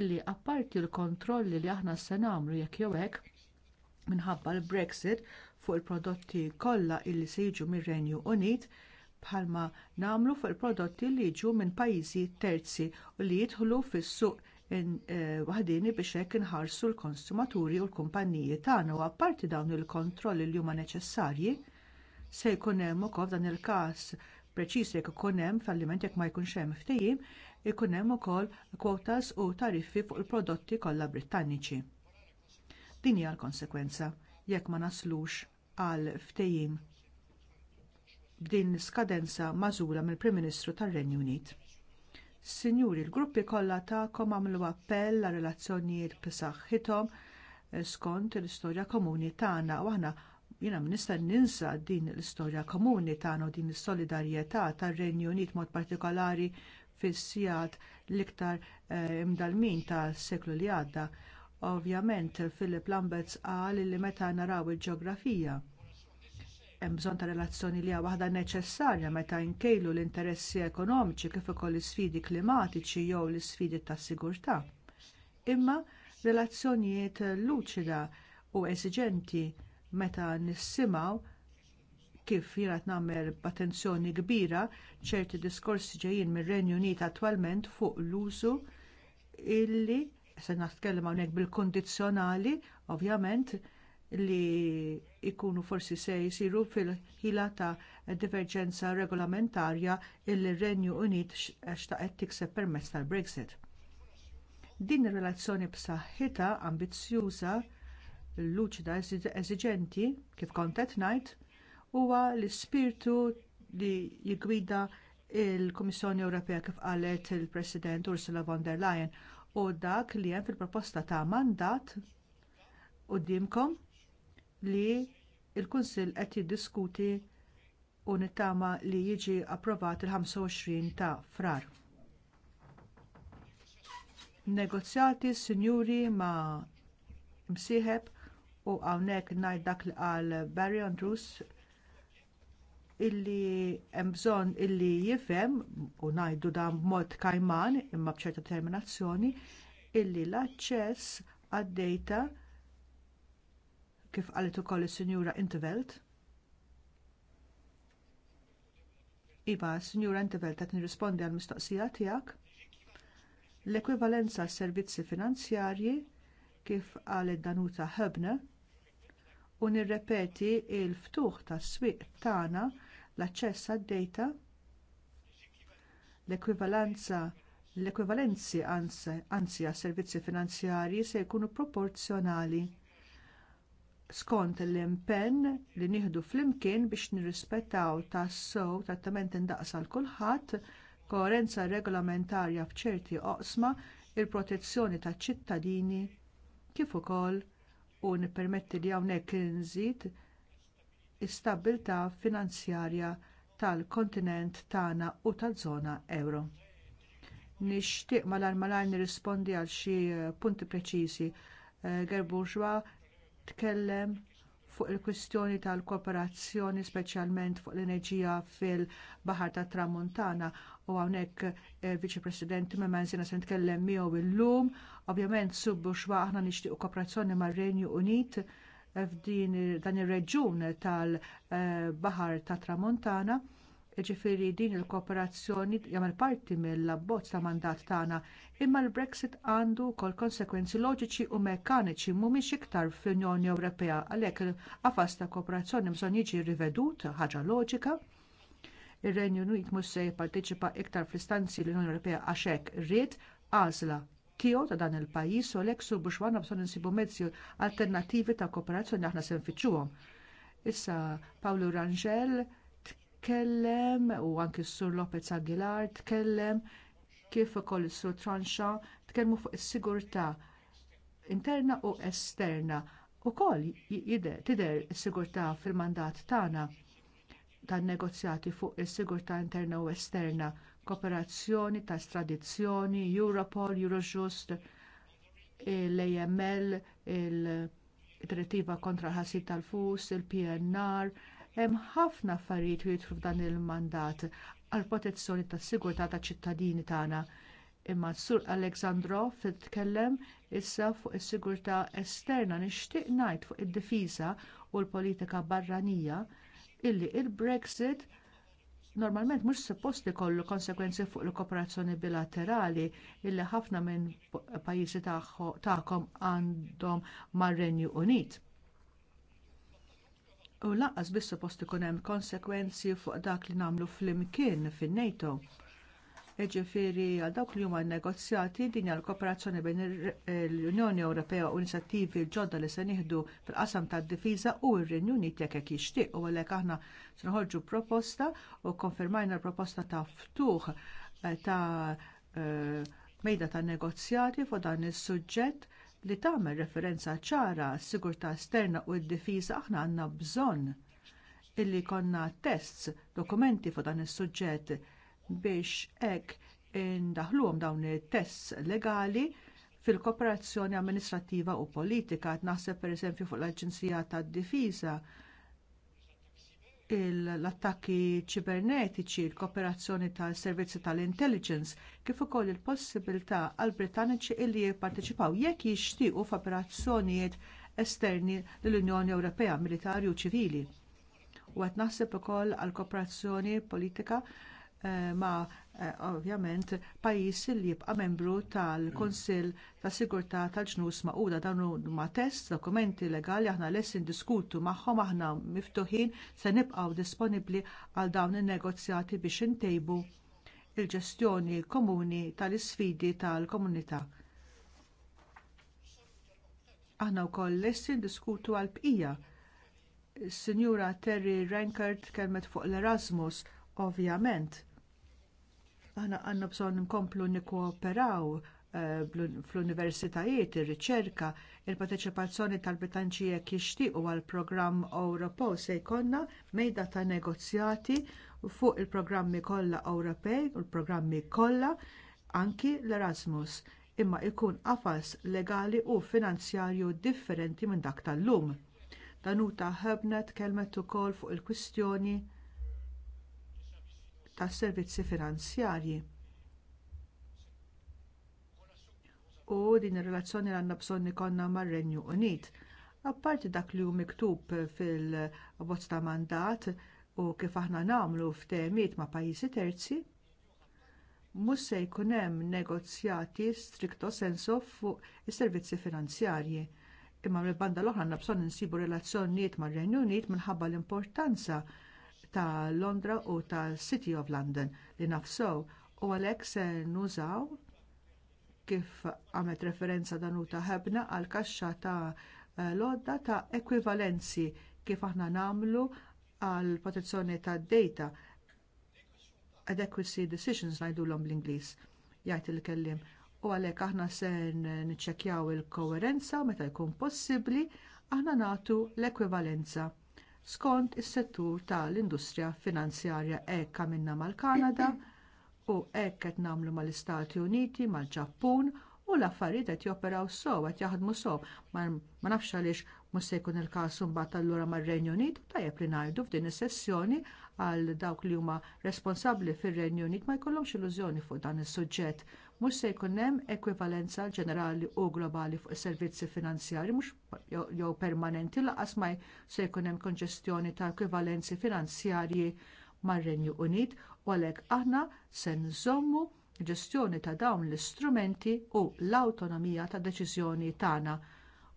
illi apparti l-kontrolli li aħna se nagħmlu jekk jew hekk minħabba l-Brexit fuq il-prodotti kollha illi se jiġu mir-Renju Unit bħalma nagħmlu fuq il-prodotti li jiġu minn pajjiżi terzi u li jidħlu fis-suq eh, waħdini biex hekk inħarsu l-konsumaturi u l-kumpanniji tagħna u apparti dawn il-kontrolli li huma neċessarji se jkun hemm ukoll dan il-każ preċiż jekk ikun hemm falliment jekk ma jkunx hemm ftehim, ikun hemm ukoll kwotas u tariffi fuq il-prodotti kollha Brittaniċi. Din hija l-konsekwenza jekk ma naslux għal ftehim b'din skadenza magħżula mill-Prim Ministru tar-Renju Unit. Sinjuri, l-gruppi kollha tagħkom għamlu appell għal relazzjonijiet b'saħħithom eh, skont l-istorja komuni tagħna u aħna jiena nista' ninsa din l-istorja komuni tagħna u din is-solidarjetà tar-Renju Unit mod partikolari fis-sijat l-iktar eh, imdalmin tas seklu li għadda Ovvjament, Philip Lamberts qal li meta naraw il-ġeografija hemm bżonn ta' relazzjoni li waħda neċessarja meta nkejlu l-interessi ekonomiċi kif ukoll l-isfidi klimatiċi jew l-isfidi tas-sigurtà. Imma relazzjonijiet luċida u eżiġenti meta nissimgħu kif jirat nagħmel b'attenzjoni kbira ċerti diskorsi ġejjin mir-Renju Unit attwalment fuq l-użu illi se natkellem hawnhekk bil-kondizzjonali, ovvjament, li jkunu forsi se jsiru fil-ħila ta' diverġenza regolamentarja il renju Unit xtaqet tikseb permezz tal-Brexit. Din ir-relazzjoni b'saħħitha ambizzjuża luċida eżiġenti kif kont qed ngħid huwa l-ispirtu li jiggwida l kummissjoni Ewropea kif qalet il-President Ursula von der Leyen u dak li hemm fil-proposta ta' mandat qudiemkom li l kunsill qed jiddiskuti u nittama li jiġi approvat il-25 ta' frar. Negozjati, sinjuri, ma' msieħeb u hawnhekk ngħid dak li qal Barry Andrews illi hemm bżonn illi jifhem u ngħidu dan b'mod kajman imma b'ċerta determinazzjoni illi l-aċċess għad-data kif qalet ukoll is-Sinjura Intveld. Iva, Sinjura Intveld qed nirrispondi għall mistoqsija tiegħek. L-ekwivalenza s servizzi finanzjarji kif qalet Danuta Hebner u nirrepeti l ftuħ tas-swieq tagħna l-aċċess għad-data, l-ekwivalenza l-ekwivalenzi anzi għas servizzi finanzjarji se jkunu proporzjonali skont l-impenn li nieħdu flimkien biex nirrispettaw tas-sew trattament indaqsa l kulħadd, koerenza regolamentarja f'ċerti oqsma, il-protezzjoni taċ ċittadini kif ukoll u nippermetti li hawnhekk inżid l finanzjarja tal-kontinent tagħna u taż-żona euro. Nixtieq malar malar nirrispondi għal xi eh, punti preċiżi. Eh, Gerbuġwa tkellem fuq il-kwistjoni tal-kooperazzjoni speċjalment fuq l-enerġija fil-Baħar tat Tramuntana u hawnhekk eh, viċi President Timmermans jiena se nitkellem miegħu illum. Ovvjament subbu xwa aħna nixtiequ kooperazzjoni mar-Renju Unit f'din dan ir-reġjun tal-Baħar tat Tramuntana. Jiġifieri din il-kooperazzjoni jagħmel parti mill-abbozz ta' mandat tagħna, imma l-Brexit għandu wkoll konsegwenzi loġiċi u mekkaniċi mhumiex iktar fl-Unjoni Ewropea għalhekk il-qafas ta' kooperazzjoni bżonn jiġi rivedut ħaġa loġika. Ir-Renju Unit mhux se jipparteċipa iktar fl-istanzi l-Unjoni Ewropea għax hekk ried għażla tiegħu ta' dan il-pajjiż u lek sur biex bżonn insibu mezzi alternattivi ta' kooperazzjoni aħna se nfittxuhom. Issa Paolo Rangel tkellem u anki s-sur Lopez Aguilar tkellem kif ukoll is-sur Tranxa tkellmu fuq is-sigurtà interna u esterna. Ukoll tidher is-sigurtà fil-mandat tagħna tan-negozjati fuq is-sigurtà interna u esterna kooperazzjoni ta' stradizzjoni, Europol, Eurojust, l-AML, il-direttiva kontra ħassi tal-fus, il-PNR, hemm ħafna affarijiet li jidħlu f'dan il-mandat għall protezzjoni tas-sigurtà taċ ċittadini tagħna. Imma s-sur Aleksandrov titkellem issa fuq is-sigurtà esterna nixtieq ngħid fuq id-difiża u l-politika barranija illi l il brexit normalment mhux suppost li kollu konsekwenzi fuq il-kooperazzjoni bilaterali illi ħafna minn pajjiżi tagħkom għandhom mar-Renju Unit. U lanqas biss suppost ikun hemm konsekwenzi fuq dak li nagħmlu flimkien fin-NATO. Ġifieri għal dawk li huma negozjati din hija l-kooperazzjoni bejn l-Unjoni Ewropea u inizjattivi ġodda li se nieħdu fil-qasam tad-difiża u r-Renju Unit jekk hekk jixtieq u għalhekk aħna se nħorġu proposta u konfermajna l-proposta ta' ftuħ eh, ta' eh, mejda ta' negozjati fuq dan is-suġġett li tagħmel referenza ċara s-sigurtà esterna u d-difiża aħna għandna bżonn illi konna tests, dokumenti fuq dan is-suġġett biex hekk indaħluhom dawn it-tests legali fil-kooperazzjoni amministrattiva u politika. Naħseb pereżempju fuq l-Aġenzija tad-Difiża l-attakki ċibernetiċi, l-kooperazzjoni tas servizzi tal-intelligence, kif ukoll il-possibilità għall britanniċi illi jipparteċipaw jekk jixtiequ f'operazzjonijiet esterni lill-Unjoni Ewropea militari u ċivili. U qed naħseb ukoll għall kooperazzjoni politika Eh, ma' eh, ovvjament pajjiż li jibqa' membru tal-Kunsill tas Sigurtà tal-Ġnus Magħquda dawn huma test, dokumenti legali aħna lest indiskutu magħhom aħna miftuħin se nibqgħu disponibbli għal dawn in-negozjati biex intejbu l ġestjoni komuni tal-isfidi tal-komunità. Aħna wkoll lest indiskutu għall bqija. Sinjura Terry Rankert kelmet fuq l-Erasmus, ovvjament Aħna għandna bżonn nkomplu nikkooperaw eh, fl-universitajiet, ir-riċerka, il-parteċipazzjoni tal-Britanċi jekk jixtiequ għal programm Ewropew se jkollna mejda ta' negozjati fuq il-programmi kollha Ewropej u l-programmi kollha anki l-Erasmus imma jkun qafas legali u finanzjarju differenti minn dak tal-lum. Danuta ħebnet kelmet ukoll fuq il-kwistjoni tas servizzi finanzjarji. U din ir-relazzjoni għandna bżonn ikollna mar-Renju Unit. Apparti dak li hu miktub fil-abbozz ta' mandat u kif aħna nagħmlu f'temiet ma' pajjiżi terzi, mhux se jkun hemm negozjati strikto sensu fuq is-servizzi finanzjarji imma mill-banda l-oħra għandna bżonn insibu relazzjonijiet mar-Renju Unit minħabba l-importanza ta' Londra u ta' City of London li nafsow u għalhekk se nużaw kif għamet referenza danuta ħebna għal kaxxa ta' lodda ta' ekwivalenzi kif aħna nagħmlu għal protezzjoni tad data adequacy decisions ngħidulhom bl-Ingliż jgħid il-kellim u għalhekk aħna se niċċekkjaw il-koerenza meta jkun possibbli aħna nagħtu l-ekwivalenza skont is-settur tal-industrija finanzjarja hekk għamilna mal-Kanada u hekk qed nagħmlu mal-Istati Uniti, mal-Ġappun u l-affarijiet qed joperaw sew qed jaħdmu sew ma nafx għaliex mhux se jkun il-każ imbagħad allura mar-Renju Unit u tajjeb li ngħidu f'din is-sessjoni għal dawk li huma responsabbli fir-Renju Unit ma jkollhomx illużjoni fuq dan is-suġġett mhux se jkun hemm ekwivalenza ġenerali u globali fuq is servizzi finanzjarji mhux jew permanenti laqas ma se jkun hemm konġestjoni ta' ekwivalenzi finanzjarji mar-Renju Unit u għalhekk aħna se nżommu ġestjoni ta' dawn l-istrumenti u l-awtonomija ta' deċiżjoni tagħna.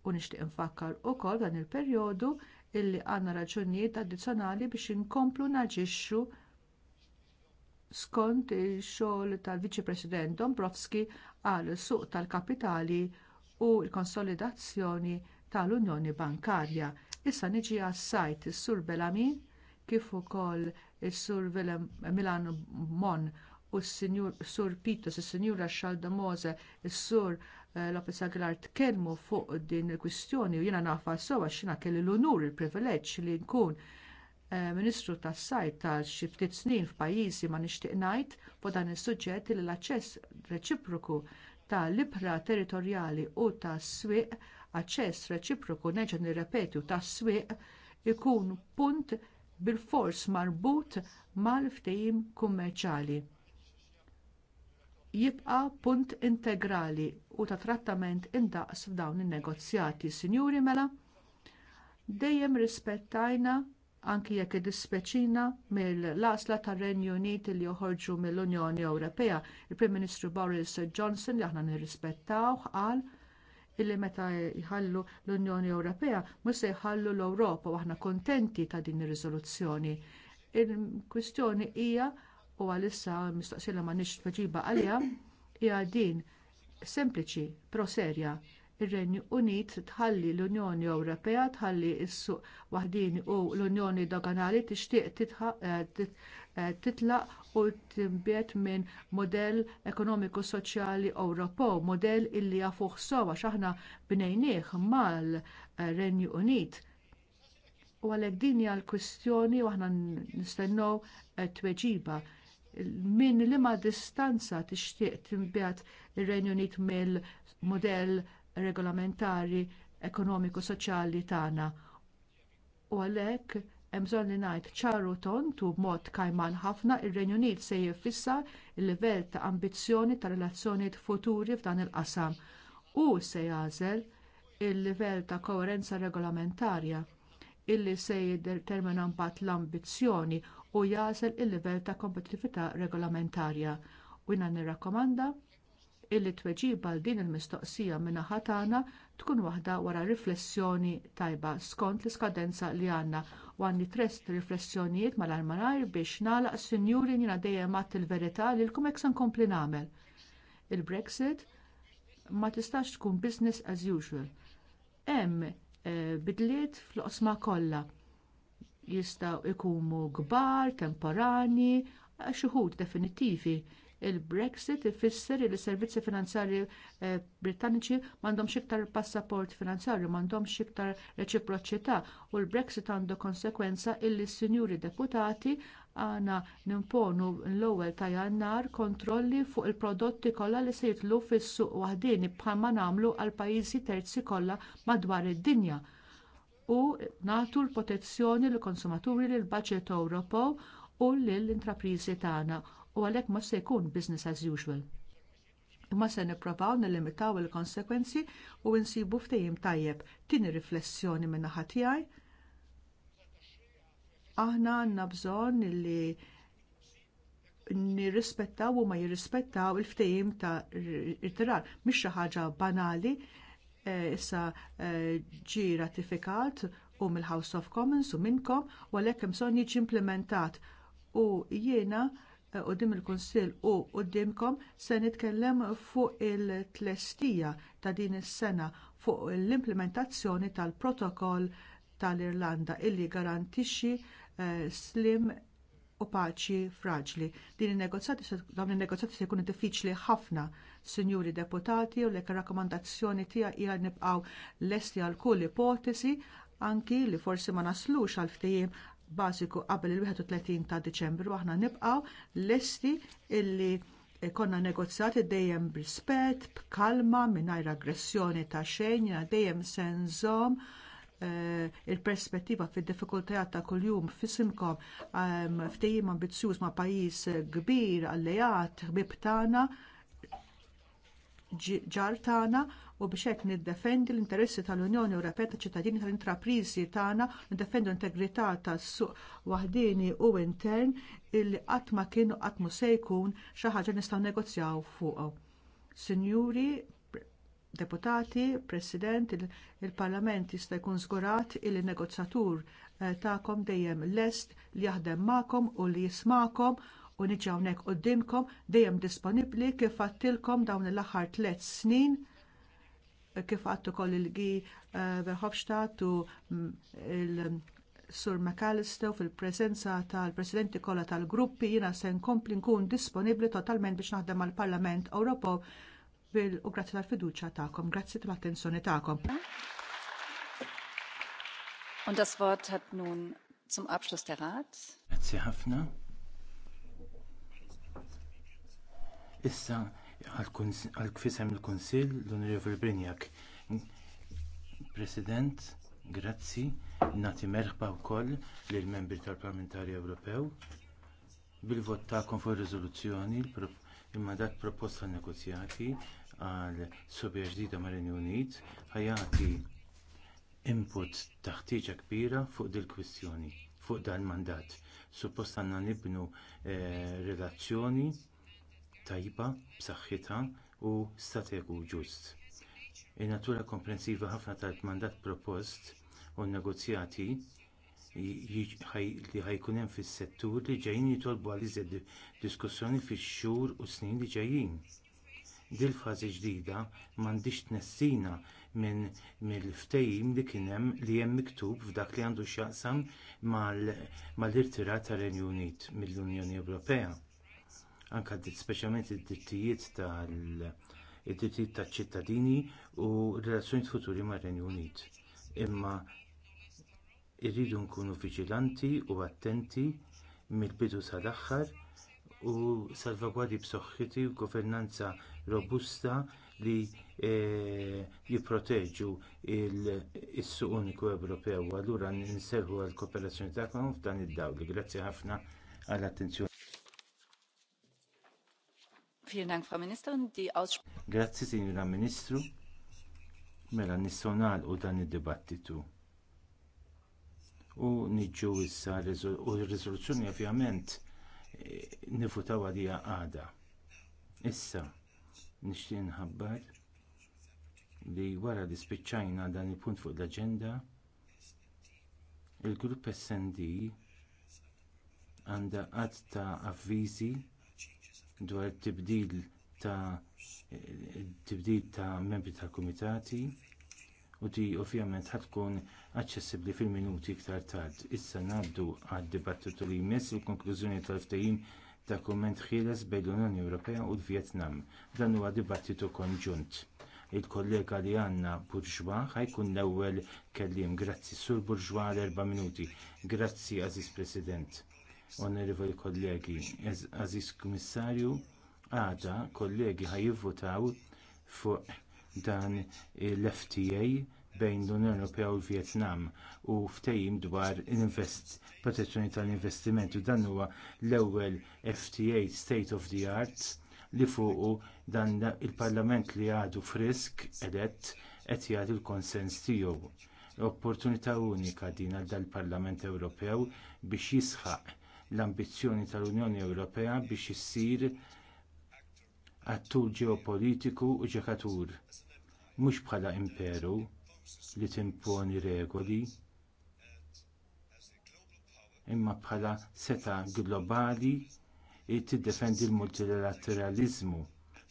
U nixtieq infakkar ukoll dan il-perjodu illi għandna raġunijiet addizzjonali biex inkomplu naġixxu skont il-xogħol tal-Viċi President Dombrovski għal suq tal-kapitali u l-konsolidazzjoni tal-Unjoni Bankarja. Issa niġi għas-sajt is-Sur Bellamy kif ukoll is-Sur Milan Mon u s-Sinjur Sur Pitos, is-Sinjura Xalda Mose, is-Sur eh, Lopez Aguilar tkellmu fuq din il-kwistjoni u jiena nafa sewa x'ina kelli l-unur il-privileġġ li nkun Eh, Ministru tas-sajt tal xi ftit snin f'pajjiżi ma nixtieq ngħid fuq dan is-suġġett li l-aċċess reċiproku tal-libra territorjali u tas-swieq aċċess reċiproku nerġa' nirrepetu tas-swieq ikun punt bilfors marbut mal-ftehim kummerċjali. Jibqa punt integrali u ta' trattament indaqs f'dawn in-negozjati, Sinjuri mela, dejjem rispettajna anki jekk id-dispeċina mill-lasla tar-Renju Unit li joħorġu mill-Unjoni Ewropea. Il-Prim Ministru Boris Johnson li aħna nirrispettawh qal illi meta jħallu l-Unjoni Ewropea mhux se jħallu l-Ewropa u aħna kuntenti ta' din ir-riżoluzzjoni. Il-kwistjoni hija u għalissa mistoqsija ma nix tweġiba għalija hija din sempliċi, proserja. serja ir-Renju Unit tħalli l-Unjoni Ewropea tħalli s-suq waħdini u l-Unjoni Doganali tixtieq eh, eh, titlaq u timbiet minn modell ekonomiku soċjali Ewropew, modell illi jafuħ sowa x'aħna bnejnieh mal-Renju Unit. U għalhekk din hija l-kwistjoni u aħna nistennew eh, tweġiba min li ma distanza tixtieq timbjat ir-Renju Unit mill-modell regolamentari ekonomiku soċjali tagħna. U għalhekk hemm bżonn li ngħid ċaru tont u b'mod kajman ħafna ir-Renju Unit se jiffissa l-livell ta' ambizzjoni ta' relazzjonijiet futuri f'dan il-qasam u se jagħżel il-livell ta' koerenza regolamentarja illi se jiddetermina mbagħad l-ambizzjoni u jażel il-livell ta' kompetitività regolamentarja. U jiena nirrakkomanda illi tweġiba għal din il-mistoqsija min-naħa tagħna tkun waħda wara riflessjoni tajba skont l-iskadenza li għandna u għandi trest riflessjonijiet mal malajr biex nagħlaq sinjuri jiena dejjem għadt il-verità li l-kum hekk se nkompli nagħmel. Il-Brexit ma tistax tkun business as usual. Hemm eh, bidliet fl-qosma kollha jistgħu jkunu kbar, temporani, xi wħud definittivi Il-Brexit ifisser li servizzi finanzjarji eh, Britanniċi m'għandhomx iktar passaport finanzjarju, m'għandhomx iktar reċiproċità u l-Brexit għandu konsekwenza illi s-sinjuri deputati għana nimponu l-ewwel ta' jannar kontrolli fuq il-prodotti kollha li se jitlu fis-suq waħdini bħalma nagħmlu għal pajjiżi terzi kollha madwar id-dinja u nagħtu l-protezzjoni lill konsumaturi lill baġit Ewropew u lill intrapriżi tagħna u għalhekk ma se jkun business as usual. Imma se nipprovaw nilimitaw il-konsekwenzi u nsibu ftejim tajjeb tieni riflessjoni minna naħa tiegħi. Aħna għandna bżonn li nirrispettaw u ma jirrispettaw il ftejim ta' irtirar. Mhix xi ħaġa banali issa ġi ratifikat u mill-House of Commons u minnkom u għalhekk hemm bżonn jiġi implementat u jiena quddiem il-Kunsill u qudiemkom se nitkellem fuq il-tlestija ta' din is-sena fuq l-implementazzjoni tal-protokoll tal-Irlanda illi garantixxi eh, slim u paċi fraġli. Din il-negozjati, dawn il-negozjati se jkunu diffiċli ħafna, sinjuri deputati, u l-ek rakkomandazzjoni tiegħi hija nibqgħu lesti għal kull ipotesi, anki li forsi ma naslux għal ftehim Basiku qabel il-31 ta' Diċembru aħna l lesti illi konna negozjati dejjem b'rispett, b'kalma, mingħajr aggressjoni ta' xejn, dejjem senżom, eh, il-perspettiva fid diffikultajat ta' kuljum fissimkom ftejjim ftehim ambizzjuż ma' pajjiż kbir, allejat, ħbib tagħna ġar tagħna u biex hekk niddefendi l-interessi tal-Unjoni Ewropea taċ ċittadini tal-intrapriżi tagħna, niddefendu l-integrità tas-suq waħdini u intern illi qatt ma kienu qatt mu se jkun xi ħaġa nistgħu negozjaw fuqha. Sinjuri, deputati, President, il-Parlament jista' jkun żgurat il negozjatur eh, tagħkom dejjem lest li jaħdem magħkom u li jismakom u niġi hawnhekk dimkom dejjem disponibbli kif għattilkom dawn l-aħħar tliet snin kif għattu koll il-gi eh, Verhofstadt u mm, il-Sur McAllister fil-prezenza tal-presidenti kollha tal-gruppi jiena se nkompli nkun disponibbli totalment biex naħdem mal parlament Ewropew bil u grazzi tal-fiduċja tagħkom, grazzi tal-attenzjoni tagħkom. Und das Wort hat nun zum Abschluss der Rat.
Grazie ħafna. Issa għal-kfisem il-Konsil l-Onorevoli Brinjak. President, grazzi, nati merħba wkoll lill membri tal-Parlamentari Ewropew bil-vot tagħkom fuq ir-riżoluzzjoni imma dak proposta negozjati għal sobja ġdida mar-Renju Unit ħajati input taħtieġa kbira fuq dil kwistjoni fuq dan mandat. Suppost għandna nibnu eh, relazzjoni tajba, b'saħħitha u strategu ġust. In-natura komprensiva ħafna tal-mandat propost u nnegozjati negozjati li ħajkun hemm fis-settur li ġejjin jitolbu għal iżjed diskussjoni fix-xhur u snin li ġejjin. Dil fażi ġdida m'għandix tnessina minn mill-ftehim li kien hemm li hemm miktub f'dak li għandu x'jaqsam mal-irtirat mal renju Unit mill-Unjoni Ewropea anka speċjalment id-dittijiet tal-id-dittijiet taċ ċittadini u relazzjonijiet futuri mar-Renju Unit. Imma irridu nkunu viġilanti u attenti mill-bidu sal-aħħar u salvagwardi b'soħħiti u governanza robusta li jipproteġu il-suq uniku Ewropew. Allura ninserħu għall kooperazzjoni tagħkom f'dan id-dawli. Grazzi ħafna għall attenzjoni
Vielen Dank, Frau Ministerin. Die
Grazie, Signora Ministru. Mela nissonal u dan id-dibattitu. U nidġu issa u r-riżoluzzjoni ovvjament eh, nifutaw għadija għada. Issa nixtieq ħabbar li wara li spiċċajna dan il-punt fuq l-aġenda il-grupp SD għandha qatt ta' avvizi dwar tibdil ta' tibdil ta' membri tal kumitati u ti ovvjament ħatkun aċċessibbli fil-minuti iktar tard. Issa ngħaddu għad dibattitu li jmiss il-konklużjoni tal-ftehim ta' kumment ħieles bejn l-Unjoni Ewropea u l-Vjetnam. Dan huwa dibattitu konġunt. Il-kollega li għandna Burġwa ħajkun l-ewwel kelliem. Grazzi, Sur Burġwa l-erba' minuti. Grazzi, Aziz President onorevoli kollegi, aziz kummissarju, għada kollegi ħajivvotaw fuq dan l-FTA bejn l-Unjoni Ewropea u l-Vjetnam u ftehim dwar protezzjoni tal investimenti u dan huwa l-ewwel FTA State of the Art li fuqu dan il-Parlament li għadu frisk elett qed jagħti l-konsens tiegħu. Opportunità unika din għal dal-Parlament Ewropew biex jisħaq l-ambizzjoni tal-Unjoni Ewropea biex issir attur ġeopolitiku u ġekatur, mhux bħala imperu li timponi regoli imma bħala seta globali tiddefendi l-multilateralizmu,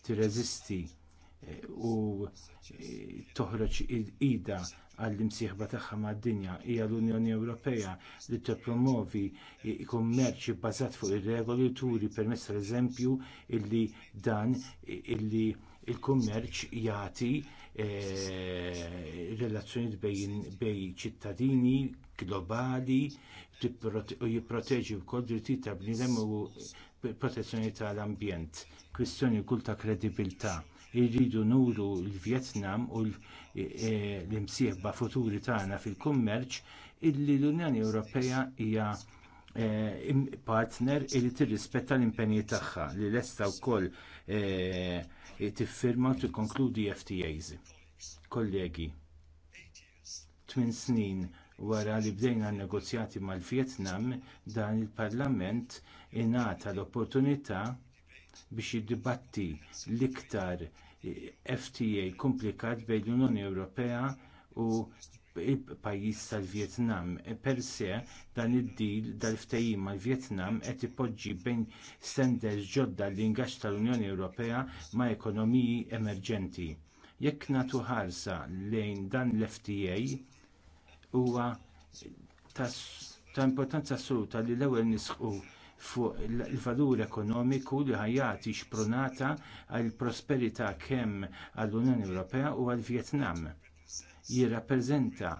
tirreżisti eh, u eh, toħroġ id-ida għall-imsieħba tagħha mad-dinja hija l-Unjoni Ewropea li tippromovi kummerċ bbażat fuq ir-regoli u turi permezz tal-eżempju illi dan illi il-kummerċ jagħti eh, relazzjonijiet bejn ċittadini globali u jipproteġi wkoll drittijiet tal-bniedem u protezzjoni tal-ambjent, kwistjoni kull ta' kredibilità irridu nuru l-Vjetnam u e- e- l-imsiebba futuri tagħna fil-kummerċ illi l-Unjoni Ewropea hija e, partner li tirrispetta l-impenji tagħha li lesta wkoll tiffirma u tikkonkludi FTAs. Kollegi, tmien snin wara li bdejna n negozjati mal-Vjetnam dan il-Parlament ingħata l-opportunità biex jiddibatti l-iktar eh, FTA komplikat bejn l-Unjoni Ewropea u il-pajjiż tal-Vjetnam. E per se dan id-dil dal-ftehim mal-Vjetnam qed ipoġġi bejn standards ġodda l ingaġġ tal-Unjoni Ewropea ma' ekonomiji emerġenti. Jekk nagħtu ħarsa lejn dan l-FTA huwa ta' importanza assoluta li l-ewwel nisħu fuq il-valur ekonomiku li ħajjati xpronata għall prosperità kemm għall-Unjoni Ewropea u għall vjetnam Jirrappreżenta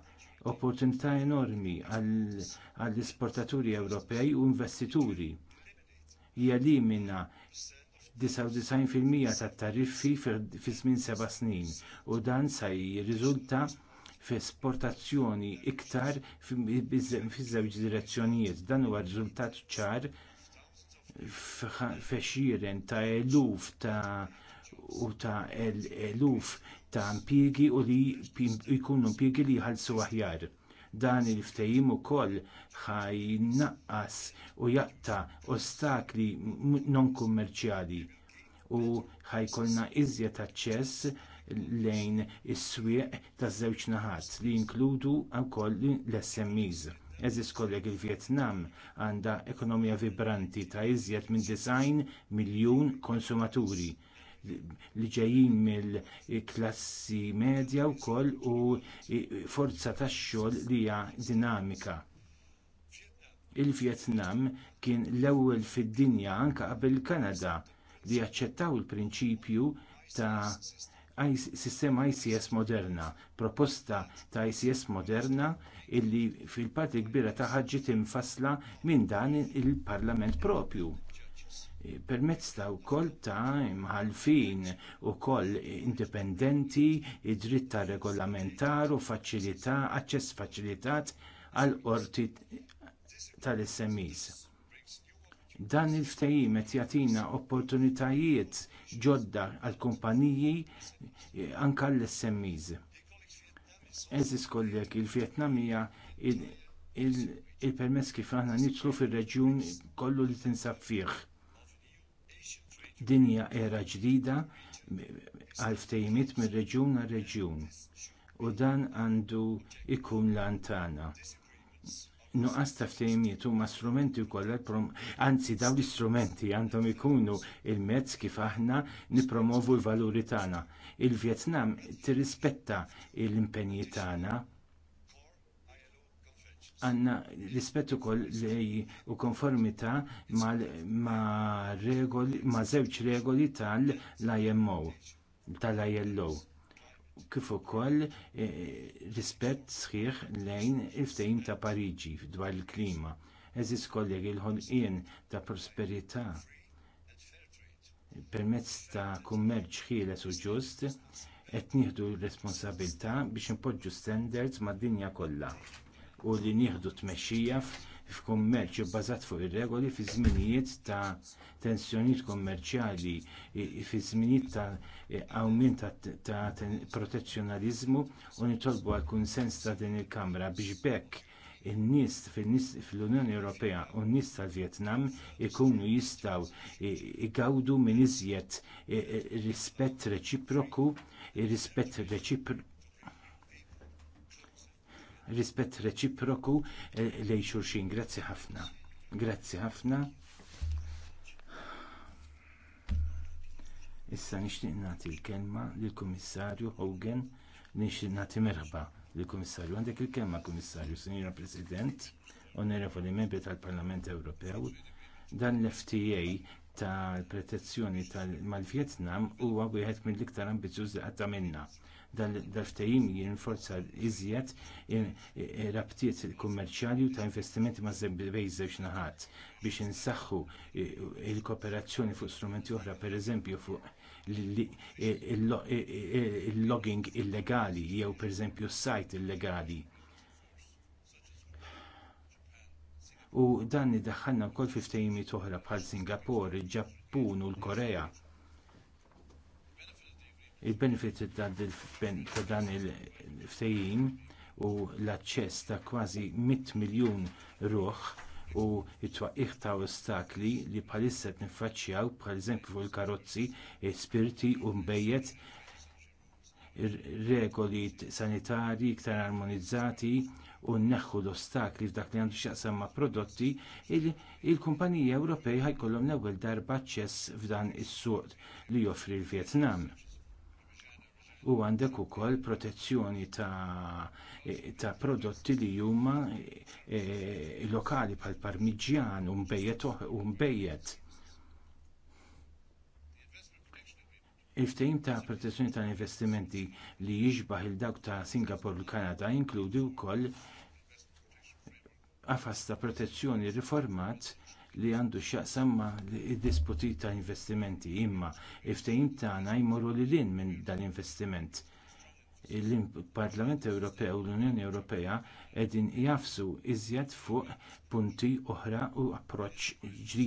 opportunità enormi għall-esportaturi Ewropej u investituri. Jelimina 99% tat-tariffi fi żmien seba' snin u dan se jirriżulta f'esportazzjoni iktar fiż-żewġ direzzjonijiet. Dan huwa riżultat ċar fexiren ta' eluf ta' u ta' eluf ta' impjiegi u li jkunu impjiegi li jħallsu aħjar. Dan il-ftehim ukoll ħajnaqqas u jaqta ostakli non kummerċjali u ħajkolna iżjed aċċess lejn is-swieq taż-żewġ naħat li jinkludu wkoll l-SMEs. Eżis kollegi il-Vietnam għandha ekonomija vibranti ta' iżjed minn design miljun konsumaturi li ġejjin mill-klassi medja wkoll u forza tax-xogħol li hija dinamika. Il-Vjetnam kien l-ewwel fid-dinja anke qabel Kanada li jaċċettaw il-prinċipju ta' sistema ICS moderna, proposta ta' ICS moderna illi fil-parti kbira tagħha ġiet infasla minn dan il-Parlament propju e, permezz ta' wkoll ta' imħalfin ukoll indipendenti, id-dritt ta' regolamentar u faċilità, aċċess faċilitat għall qorti tal-SMEs. Dan il-ftehim qed jagħtina opportunitajiet ġodda eh, għall kumpaniji anke għall-SMEs. Eżis kollek, il-Vjetnam hija il-permess kif aħna nitlu fir-reġjun kollu li tinsab fih. Din hija era ġdida għal ftehimiet mir reġjun għal reġjun u dan għandu ikun lantana nuqqas ta' ftehimiet huma strumenti wkoll anzi dawn l-istrumenti għandhom ikunu l mezz kif aħna nippromovu l-valuri tagħna. Il-Vjetnam tirrispetta l-impenji tagħna għanna rispettu kol lej u konformita ma, ma, regoli, ma zewċ regoli tal-IMO, tal-ILO kif ukoll eh, rispett sħiħ lejn il-ftehim ta' Pariġi dwar il-klima. Eżis kollegi l-ħolqien ta' prosperità permezz ta' kummerċ ħieles u ġust qed nieħdu r-responsabilità biex impoġġu standards mad-dinja kollha u li nieħdu tmexxija f'kummerċ bbażat fuq ir-regoli fi żminijiet ta' tensjonijiet kummerċjali, fi żminijiet ta' awmin ta' protezzjonaliżmu u nitolbu għal kunsens ta' din il-Kamra biex bekk in-nies fl-Unjoni Ewropea u n-nies tal-Vjetnam ikunu jistgħu igawdu minn iżjed rispett reċiproku, rispett reċiproku rispett reċiproku eh, lejn xulxin. Grazzi ħafna. Grazzi ħafna. Issa nixtieq nagħti l-kelma lill-Kummissarju Hogan nixtieq nagħti merħba lill-Kummissarju. Għandek il-kelma Kummissarju, Sinjora President, Onorevoli Membri tal-Parlament Ewropew, dan l-FTA ta' protezzjoni mal-Vjetnam huwa wieħed mill-iktar ambizjuż li għadda minna. Dal-ftehim jinforza iżjed rabtiet kummerċjali u ta' investimenti ma' bejn żewġ naħat biex insaħħu l kooperazzjoni fuq strumenti oħra, pereżempju fuq il-logging illegali jew pereżempju s-sajt illegali u dan iddaħħalna wkoll fi ftehimiet oħra bħal Singapore, il-Ġappun u l-Korea. Il-benefit ta' dan il-ftehim u l-aċċess ta' kważi 100 miljun ruħ u it-twaqqih ta' ostakli li bħalissa qed niffaċċjaw bħależempju fuq il-karozzi, spirti u mbejjed regoli sanitarji iktar armonizzati u nneħħu l-ostakli f'dak li għandu x'jaqsam ma' prodotti il-kumpaniji Ewropej ħajkollhom l-ewwel darba aċċess f'dan is-suq li joffri l-Vjetnam u għandek ukoll protezzjoni ta', ta prodotti li huma e, lokali bħal parmigian u mbejjed Il-ftehim ta' protezzjoni tal investimenti li jiġbaħ il-dawk ta' Singapore u Kanada jinkludi wkoll qafas ta' protezzjoni riformat li għandu x'jaqsam ma' id-disputi ta' investimenti imma il-ftehim tagħna jmorru lil lin minn dan investiment il-Parlament Ewropew u l-Unjoni Ewropea qegħdin jafsu iżjed fuq punti oħra u approċċ ġdid.